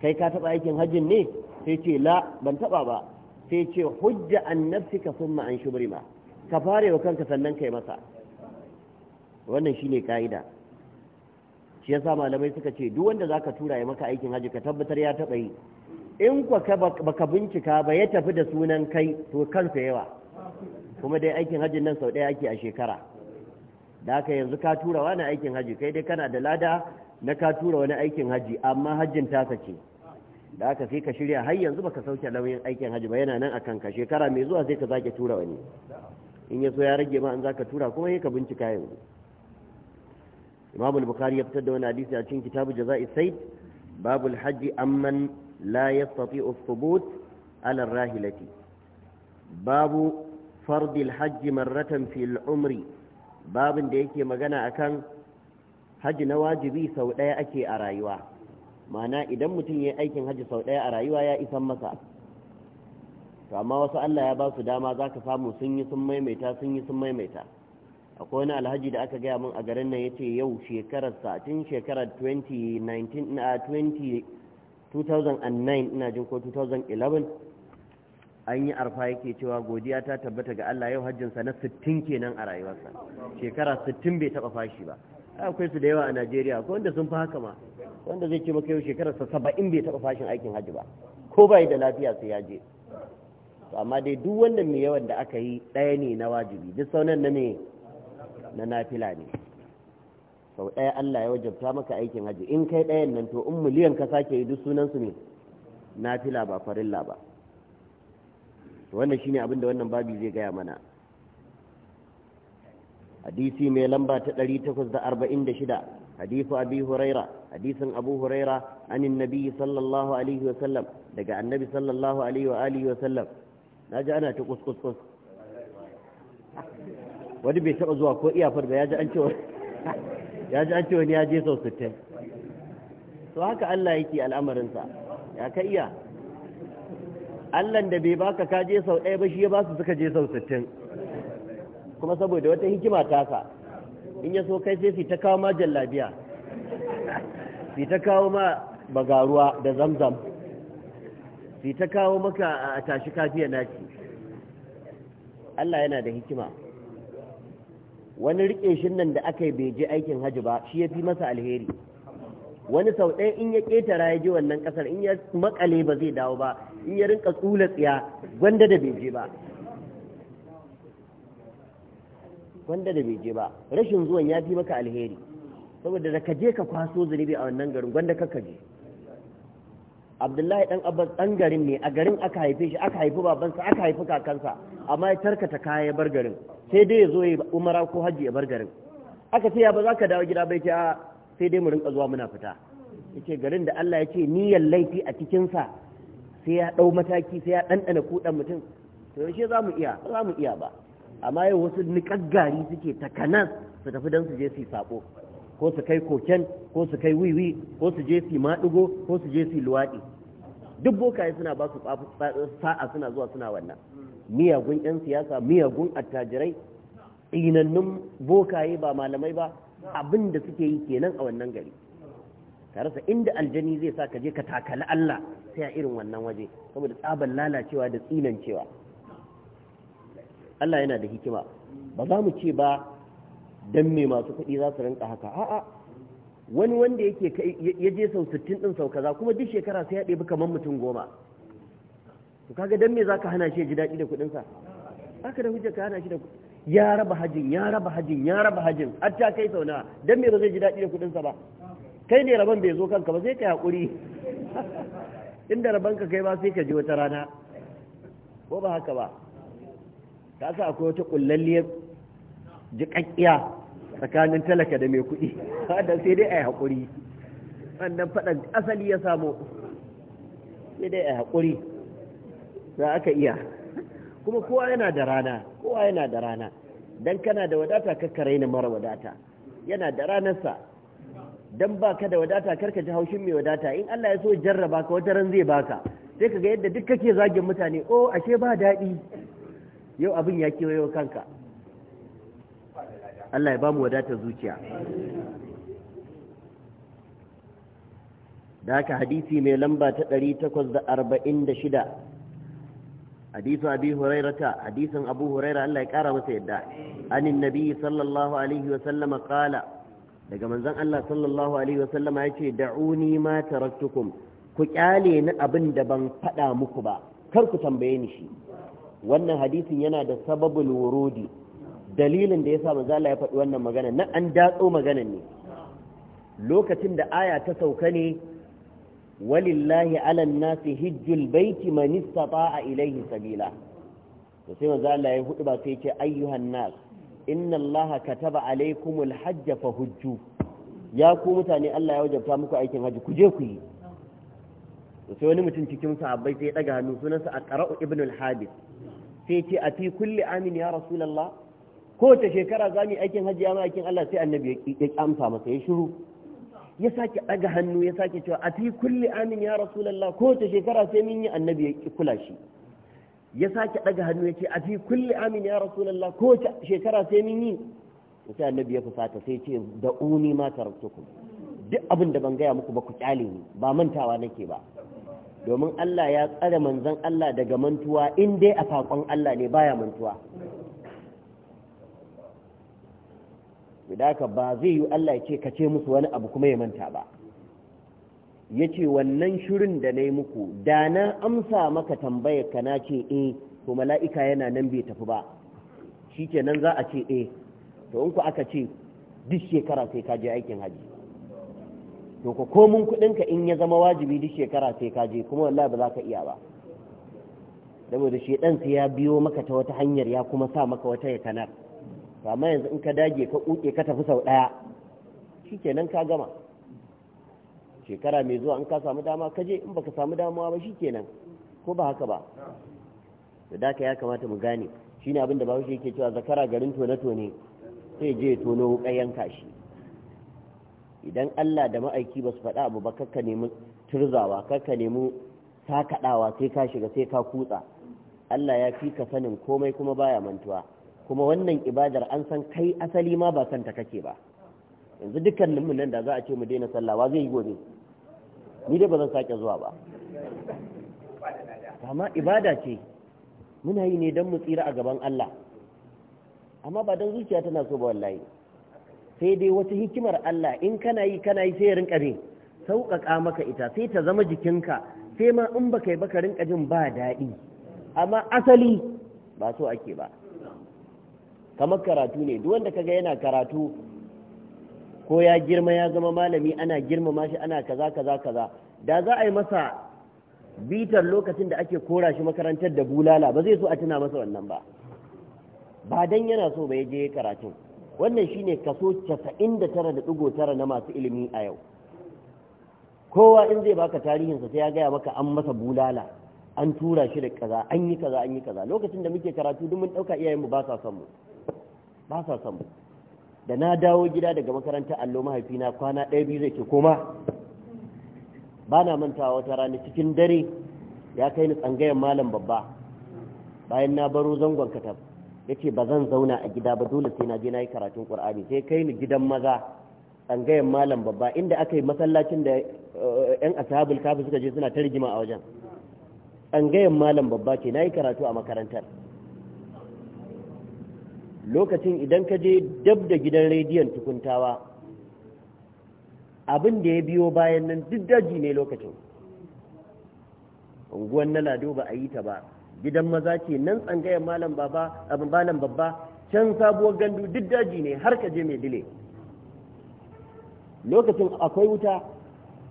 kai ka taba aikin hajjin ne sai ce la ban taba ba sai ce hujja an nafsika thumma an shubrima ka fare wa kanka sannan kai masa wannan shine kaida shi yasa malamai suka ce duk wanda zaka tura ya maka aikin haji ka tabbatar ya taba yi in kwa baka bincika ba ya tafi da sunan kai to kansa yawa kuma dai aikin hajji nan sau ɗaya ake a shekara da haka yanzu ka tura wani aikin haji kai dai kana da lada na ka tura wani aikin hajji amma hajjin ta sace da haka sai ka shirya har yanzu baka sauke nauyin aikin haji ba yana nan a kanka shekara mai zuwa sai ka zake tura wani in yaso ya rage ma an zaka tura kuma sai ka bincika yanzu imam al-bukhari ya fitar da wani hadisi a cikin kitabu jaza'i sayyid babul hajji amman la yastati'u thubut ala rahilati babu fardil hajji marratan fil umri babin da yake magana akan haji na wajibi sau ɗaya ke a rayuwa mana idan mutum ya yi aikin haji sau ɗaya a rayuwa ya isan masa to amma wasu Allah ya basu dama za ka samu sun yi sun maimaita sun yi sun maimaita akwai wani alhaji da aka gaya min a garin nan yace yau shekarar satin shekarar 2019 a 20 2009 ina jin ko 2011 an yi arfa yake cewa godiya ta tabbata ga Allah yau hajjinsa na 60 kenan a rayuwarsa shekara 60 bai taba fashi ba akwai su da yawa a Najeriya ko wanda sun fi haka ma wanda zai ce maka yau shekararsa 70 bai taba fashin aikin hajji ba ko bai da lafiya sai ya je amma dai duk wannan mai yawan da aka yi ɗaya ne na wajibi duk saunan na me na nafila ne sau ɗaya Allah ya wajabta maka aikin haji in kai ɗayan nan to in miliyan ka sake yi duk sunan su ne fila ba farilla ba wannan shine abin da wannan babi zai gaya mana hadisi mai lamba ta 846 hadisu abi huraira hadisin abu huraira anin nabi sallallahu alaihi wa sallam daga annabi sallallahu alaihi wa alihi wa sallam naji ana ta kuskus wani bai taba zuwa ko iyafar ba ya ji an cewa ya ji an ce wani ya je sau sittin to haka Allah yake al'amarinsa ya ka iya Allah da bai baka ka je sau ɗaya ba shi ya ba su suka je sau sittin kuma saboda wata hikima taka, in ya so kai sai su ta kawo ma jallabiya su ta kawo ma bagaruwa da zamzam su ta kawo maka a tashi kafiya naci Allah yana da hikima wani riƙe shin nan da aka yi bai je aikin hajji ba shi ya fi masa alheri wani sau ɗaya in ya ƙetara ya je wannan ƙasar in ya makale ba zai dawo ba in ya rinka tsula tsiya gwanda da bai je ba gwanda da bai ba rashin zuwan ya fi maka alheri saboda da ka je ka kwaso zunubi a wannan garin gwanda ka ka je abdullahi dan abbas dan garin ne a garin aka haife shi aka haifi babansa aka haifi kakansa amma ya tarkata kaya ya bar garin sai dai ya zo ya umara ko hajji ya bar garin aka ce ya ba za ka dawo gida bai ce a sai dai mu rinka zuwa muna fita ce garin da Allah ya ce niyyar laifi a cikinsa sai ya dau mataki sai ya ɗanɗana kuɗan mutum to yaushe za mu iya za mu iya ba amma yau wasu niƙaggari suke takanas su tafi don su je su yi saɓo ko su kai koken ko su kai wiwi ko su je su maɗigo ko su je su luwaɗi duk bokaye suna ba su sa'a suna zuwa suna wannan miyagun 'yan siyasa miyagun attajirai inannun bokaye ba malamai ba abin da suke yi kenan a wannan gari tare sa inda aljani zai sa ka je ka takali Allah sai a irin wannan waje saboda tsaban lalacewa da tsinancewa Allah yana da hikima ba za mu ce ba don me masu kuɗi za su rinka haka a'a wani wanda yake ya je sau 60 ɗin sau kaza kuma duk shekara sai ya ɗebi kamar mutum goma to kaga dan me zaka hana shi ya ji daɗi da kuɗin sa ka da hujjar ka hana shi da ya raba hajin ya raba hajin ya raba hajin har ta kai sau nawa don me ba zai ji daɗi da kuɗin sa ba kai ne rabon bai zo kanka ba sai ka hakuri inda rabon ka kai ba sai ka ji wata rana ko ba haka ba ta sa akwai wata ƙullalliyar jiƙaƙƙiya tsakanin talaka da mai kuɗi da sai dai a yi haƙuri wannan faɗan asali ya samu sai dai a yi haƙuri za aka iya kuma kowa yana da rana kowa yana da rana don kana da wadata kakka raina mara wadata yana da ranarsa don ba ka da wadata karka ji haushin mai wadata in Allah ya so jarraba ka wata ran zai baka sai ka ga yadda duk kake zagin mutane oh ashe ba daɗi yau abin ya kewayo kanka Allah ya bamu wadatar zuciya da haka hadisi mai lamba ta 846 hadisu abi hurairata hadisin abu huraira Allah ya kara masa yadda anin nabi sallallahu alaihi wa sallama qala daga manzon Allah sallallahu alaihi wa sallama yace da'uni ma taraktukum ku kyale ni abin da ban faɗa muku ba kar ku tambaye ni shi wannan hadisin yana da sababul wurudi dalilin da sa maza Allah ya faɗi wannan magana na an datso maganan ne lokacin da aya ta sauka ne walillahi ala nasi hijjul baiti man istata'a ilayhi sabila to sai manzo Allah ya hudu ba sai ce ayyuhan nas inna allaha kataba alaykumul hajja hujju. ya ku mutane Allah ya wajabta muku aikin haji ku je ku yi to sai wani mutum cikin sahabbai sai ya daga hannu sunansa aqra'u Ibnul habib sai ce a kulli amin ya rasulullah kowace shekara za mu yi aikin hajji ya aikin Allah sai annabi ya amsa masa ya shiru ya sake ɗaga hannu ya sake cewa a fi kulli amin ya rasulallah kowace shekara sai mun yi annabi ya kula shi ya sake ɗaga hannu ya ce a fi kulli amin ya rasulallah kowace shekara sai mun yi sai annabi ya fusata sai ce da uni ma taraktukum duk abin da ban gaya muku ba ku kyale ni ba mantawa nake ba domin Allah ya tsare manzon Allah daga mantuwa in dai a fakon Allah ne baya mantuwa da ba zai yi Allah ya ce ka musu wani abu kuma ya manta ba yace wannan shirin da na yi muku da na amsa maka tambayar ka na ce eh to mala'ika yana nan bai tafi ba shi za a ce eh to in ku aka ce duk shekara sai ka je aikin haji to ko komin kuɗinka in ya zama wajibi duk shekara sai ka je kuma wallahi ba za ka iya ba saboda shedan sai ya biyo maka ta wata hanyar ya kuma sa maka wata yakanar. to amma yanzu in ka dage ka kuke ka tafi sau daya shikenan ka gama shekara mai zuwa in ka samu dama ka je in baka samu damuwa ba shikenan ko ba haka ba da daka ya kamata mu gane shine abin da bahaushe yake cewa zakara garin tone tone sai je tono wuka yanka idan Allah da ma'aiki ba su faɗa abu ba kakka nemi turzawa kakka nemi sakaɗawa sai ka shiga sai ka kutsa Allah ya fi ka sanin komai kuma baya mantuwa kuma wannan ibadar an san kai asali ma ba santa kake ba yanzu dukkan nan da za a ce mu daina sallawa zai yi gobe ni dai ba zan sake zuwa ba amma ibada ce muna yi ne don mu tsira a gaban Allah amma ba don zuciya tana so ba wallahi sai dai wata hikimar Allah in kana yi kana yi sai rinka ne sauƙaƙa maka ita sai ta zama jikinka sai ma in baka yi baka rinka jin ba daɗi amma asali ba so ake ba kamar karatu ne duk wanda kaga yana karatu ko ya girma ya zama malami ana girmama shi ana kaza kaza kaza da za a yi masa bitar lokacin da ake kora shi makarantar da bulala ba zai so a tuna masa wannan ba ba dan yana so ba ya je karatu wannan shine kaso 99.9 na masu ilimi a yau kowa in zai baka tarihinsa sai ya gaya maka an masa bulala an tura shi da kaza an yi kaza an yi kaza lokacin da muke karatu duk mun dauka iyayenmu ba sa son mu ba sa son mu da na dawo gida daga makaranta allo mahaifina kwana ɗaya biyu zai ce koma ba na mantawa wata rana cikin dare ya kai ni tsangayen malam babba bayan na baro zangon katab ya ce ba zan zauna a gida ba dole sai na je na yi karatun ƙur'ani sai kai ni gidan maza tsangayen malam babba inda aka yi masallacin da eh, yan asabul kafin suka je suna ta rigima a wajen tsangayen malam babba ke na yi karatu a makarantar lokacin idan ka je dab da gidan rediyon tukuntawa abin da ya biyo bayan nan duk daji ne lokacin unguwan na lado ba a yi ta ba gidan maza ce nan tsangayen malam baba abin malam babba can sabuwar gandu duk daji ne har ka je mai dile lokacin akwai wuta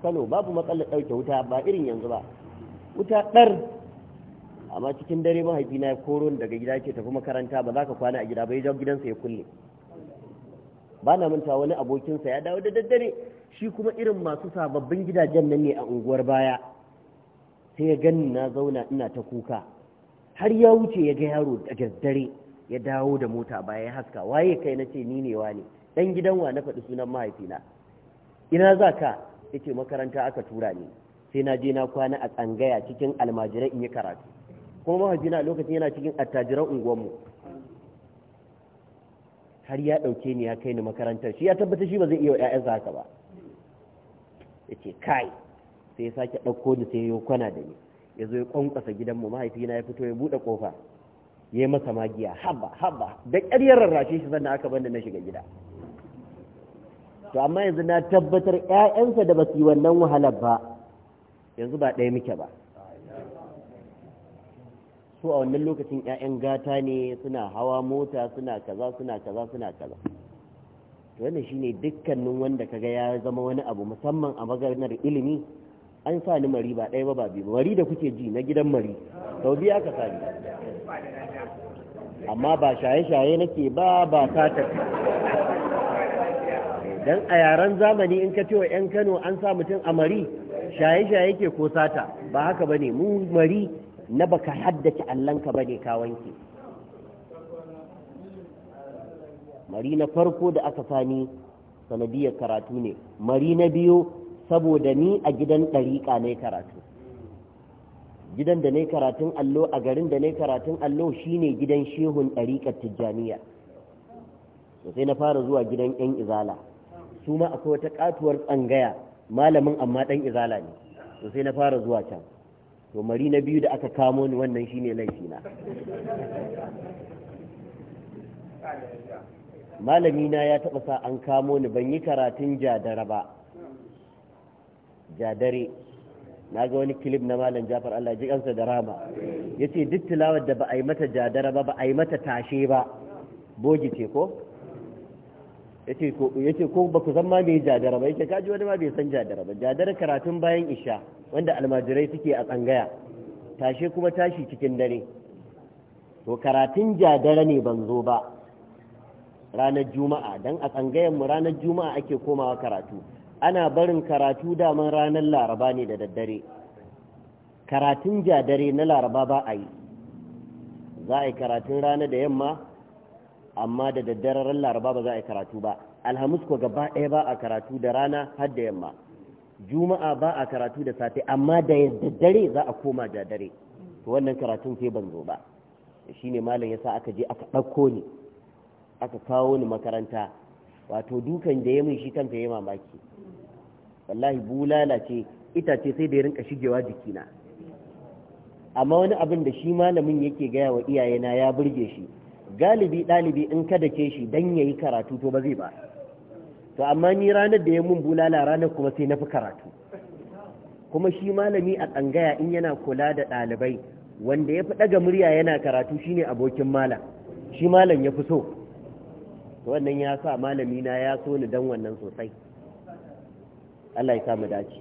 kano babu matsalar ɗauke wuta ba irin yanzu ba wuta ɗar amma cikin dare mahaifina ya koron daga gida ce tafi makaranta ba za ka kwana a gida ba ya jawo gidansa ya kulle ba na manta wani abokinsa ya dawo da daddare shi kuma irin masu sababbin gidajen nan ne a unguwar baya sai ya gani na zauna ina ta kuka har ya wuce ya ga yaro a daddare ya dawo da mota baya ya haska waye kai na ce ni ne wa dan gidan wa na faɗi sunan mahaifina ina za ka ya makaranta aka tura ni sai na je na kwana a tsangaya cikin almajirai in yi karatu kuma mahaifina a lokacin yana cikin attajiran unguwanmu har ya ɗauke ni ya kai ni makarantar shi ya tabbata shi ba zai iya wa 'ya'yansa haka ba ya ce kai sai ya sake ɗauko ni sai ya kwana da ni ya zo ya ƙwanƙwasa gidanmu mahaifina ya fito ya buɗe ƙofa ya yi masa magiya haba haba da ƙaryar rarrashe shi sannan aka banda na shiga gida to amma yanzu na tabbatar 'ya'yansa da ba su yi wannan wahalar ba yanzu ba ɗaya muke ba su a wannan lokacin 'ya'yan gata ne suna hawa mota suna kaza suna kaza suna kaza to wannan shine dukkanin wanda kaga ya zama wani abu musamman a maganar ilimi an sa ni mari ba ɗaya ba ba biyu mari da kuke ji na gidan mari sau biya aka sa ni amma ba shaye-shaye nake ba ba sata dan a yaren zamani in ka ce wa 'yan kano an sa mutum a mari shaye-shaye ke ko sata ba haka ba ne mu mari na baka haddace allanka ba ne ka wanke mari na farko da aka sani sanadiyar karatu ne mari na biyu saboda ni a gidan ɗariƙa na karatu gidan da na karatun allo a garin da nai karatun allo shine gidan shehun ɗariƙar tijjaniya sai na fara zuwa gidan 'yan izala su ma akwai wata katuwar tsangaya malamin amma ɗan izala ne sai na fara zuwa can to mari na biyu da aka kamo ni wannan shine laifina malami na ya taba sa an kamo ni ban yi karatun jadara ba jadare na ga wani kilif na malam jafar Allah ji kansa da rama ya ce duk tilawar da ba a yi mata jadara ba ba a yi mata tashe ba bogi ce ko Ya ce ko ba ku san ma mai jadara ba yace kaji wani ma bai san jadara ba jadara karatun bayan isha wanda almajirai suke a tsangaya tashe kuma tashi cikin dare to karatun jadara ne ban zo ba ranar juma'a don a tsangayen mu ranar juma'a ake komawa karatu ana barin karatu daman ranar laraba ne da daddare karatun jadare na laraba ba a yi za a yi karatun rana da yamma amma da ran laraba ba za a yi karatu ba alhamis ko gaba ɗaya ba a karatu da rana har da yamma juma'a ba a karatu da safe amma da daddare za a koma da dare to wannan karatun sai ban zo ba shine malam yasa aka je aka ɗauko ni aka kawo ni makaranta wato dukan da ya min shi kanka ya mamaki wallahi bulala ce itace sai da ya rinka shigewa jikina amma wani abin da shi malamin yake gaya wa iyayena ya burge shi galibi ɗalibi in kada ke shi dan yayi karatu to ba zai ba to amma ni ranar da ya mun bulala ranar kuma sai na fi karatu kuma shi malami a tsangaya in yana kula da ɗalibai wanda ya fi ɗaga murya yana karatu shine abokin malam shi malam ya fi so wannan ya sa malami na ya so ni dan wannan sosai Allah ya sa mu dace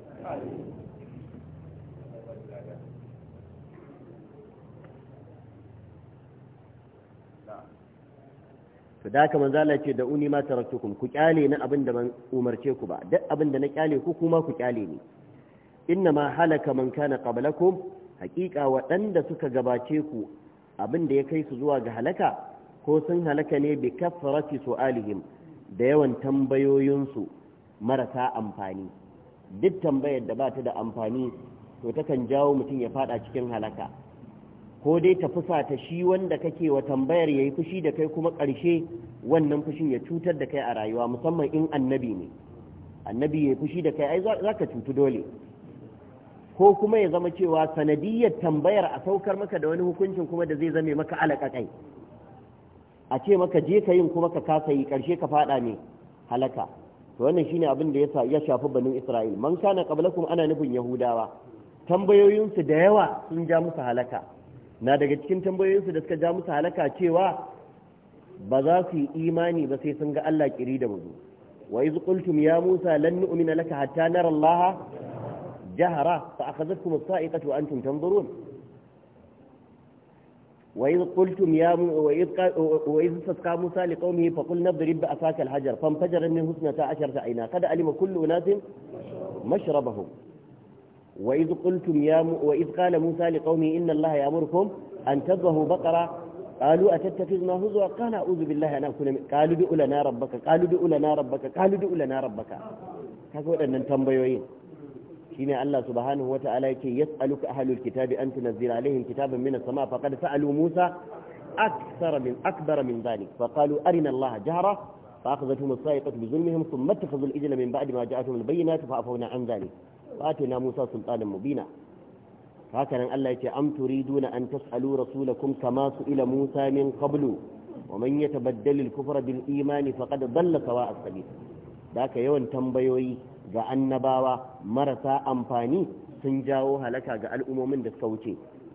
to da haka manzo Allah ce da uni ma taraktukum ku kyale ni abin da ban umarce ku ba duk abin da na kyale ku kuma ku kyale ni inna ma halaka man kana qablakum haqiqa waɗanda suka gabace ku abin da ya kai su zuwa ga halaka ko sun halaka ne bi kafarati su'alihim da yawan tambayoyinsu marasa amfani duk tambayar da ba ta da amfani to takan jawo mutum ya fada cikin halaka ko dai ta fusata shi wanda kake wa tambayar yayi fushi da kai kuma ƙarshe wannan fushin ya cutar da kai a rayuwa musamman in annabi ne annabi yayi fushi da kai ai za ka cutu dole ko kuma ya zama cewa sanadiyyar tambayar a saukar maka da wani hukuncin kuma da zai zame maka alaƙa kai a ce maka je ka yin kuma ka kasa yi ƙarshe ka faɗa ne halaka to wannan shine abin da ya shafi banin Isra'il man kana qablakum ana nufin Yahudawa tambayoyinsu da yawa sun ja musu halaka na daga cikin tambayoyinsu da suka ja musu halaka cewa ba za su yi imani ba sai sun ga Allah kiri da muzu wa iz qultum ya musa lan nu'mina laka hatta nara Allah jahra fa akhadhatkum as-sa'iqatu wa antum tanzurun wa iz qultum ya wa iz wa tasqa musa liqaumihi fa qulna idrib bi asaka al-hajar fanfajara min husnata 'ashrata ayna qad alima kullu unasin mashrabahum وإذ قلتم يا م... وإذ قال موسى لقومه إن الله يأمركم أن تذبحوا بقرة قالوا أتتخذنا هزوا قال أعوذ بالله أن أكون من... قالوا ادعوا لنا ربك قالوا ادعوا لنا ربك قالوا ادعوا لنا ربك كيف waɗannan تنبيوين shine الله سبحانه وتعالى كي يسألك أهل الكتاب أن تنزل عليهم كتابا من السماء فقد سألوا موسى أكثر من أكبر من ذلك فقالوا أرنا الله جهرة فأخذتهم الصائقة بظلمهم ثم اتخذوا الإجل من بعد ما جاءتهم البينات فأفونا عن ذلك atina musa sultanin mubina haka nan Allah yake am turiduna an tasalu rasulakum kama su ila musa min qablu wa man yatabaddal al kufra bil imani faqad dalla sawa as sabil da ka yawan tambayoyi ga annabawa marasa amfani sun jawo halaka ga al'ummomin da suka wuce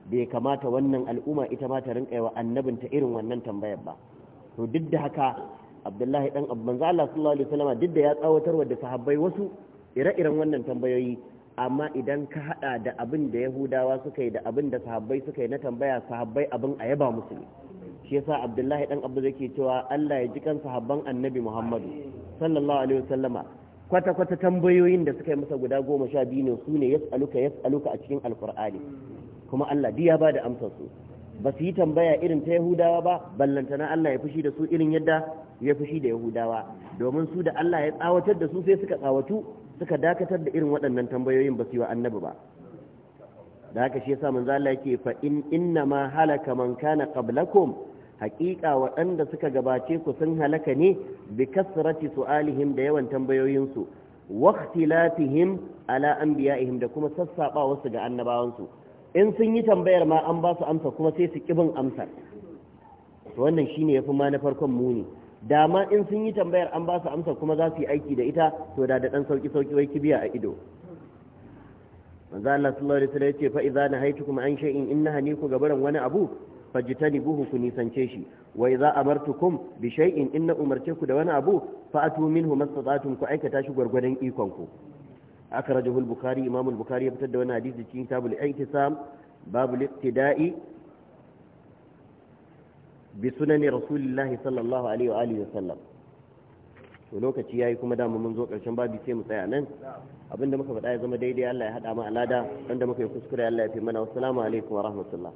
bai kamata wannan al'umma ita ma ta rinka yawa annabin ta irin wannan tambayar ba to duk da haka abdullahi dan abban zalla sallallahu alaihi wasallam duk da ya tsawatar wa da sahabbai wasu ire-iren wannan tambayoyi amma idan ka hada da abin da yahudawa suka yi da abin da sahabbai suka yi na tambaya sahabbai abin a yaba musu ne shi yasa abdullahi dan zai ke cewa Allah ya ji kan sahabban annabi muhammadu sallallahu alaihi wasallama kwata kwata tambayoyin da suka yi masa guda goma sha biyu ne su ne yas'aluka yas'aluka a cikin Alkur'ani. kuma Allah duk ya bada amsar su ba su yi tambaya irin ta yahudawa ba ballantana Allah ya fushi da su irin yadda ya fushi da yahudawa domin su da Allah ya tsawatar da su sai suka tsawatu suka dakatar da irin waɗannan tambayoyin ba su yi wa annabi ba da haka shi yasa manzo Allah yake fa in inna ma halaka man kana qablakum haqiqa waɗanda suka gabace ku sun halaka ne bi kasrati su'alihim da yawan tambayoyin su wa ikhtilafihim ala anbiya'ihim da kuma sassaba wasu ga annabawan su in sun yi tambayar ma an ba su amsa kuma sai su kibin amsar wannan shine yafi ma na farkon muni dama in sun yi tambayar an ba su amsa kuma za su yi aiki da ita to da da dan sauki sauki wai kibiya a ido manzo Allah sallallahu alaihi wasallam yace fa idza nahaytukum an shay'in innaha niku gabaran wani abu fajtanibuhu ku nisance shi wa idza amartukum bi shay'in inna umarce ku da wani abu fa atu minhu mastata'tum ku aikata shi gwargwadon ikon ku akhrajahu al-bukhari imam al-bukhari ya fitar da wani hadisi cikin kitabul i'tisam babul iqtida'i بسنن رسول الله صلى الله عليه وآله وسلم to yayi kuma da mun zo karshen sai mu tsaya nan abinda muka faɗa ya zama daidai Allah ya hada mu alada wanda muka yi kuskure Allah ya fi mana wassalamu alaikum wa rahmatullah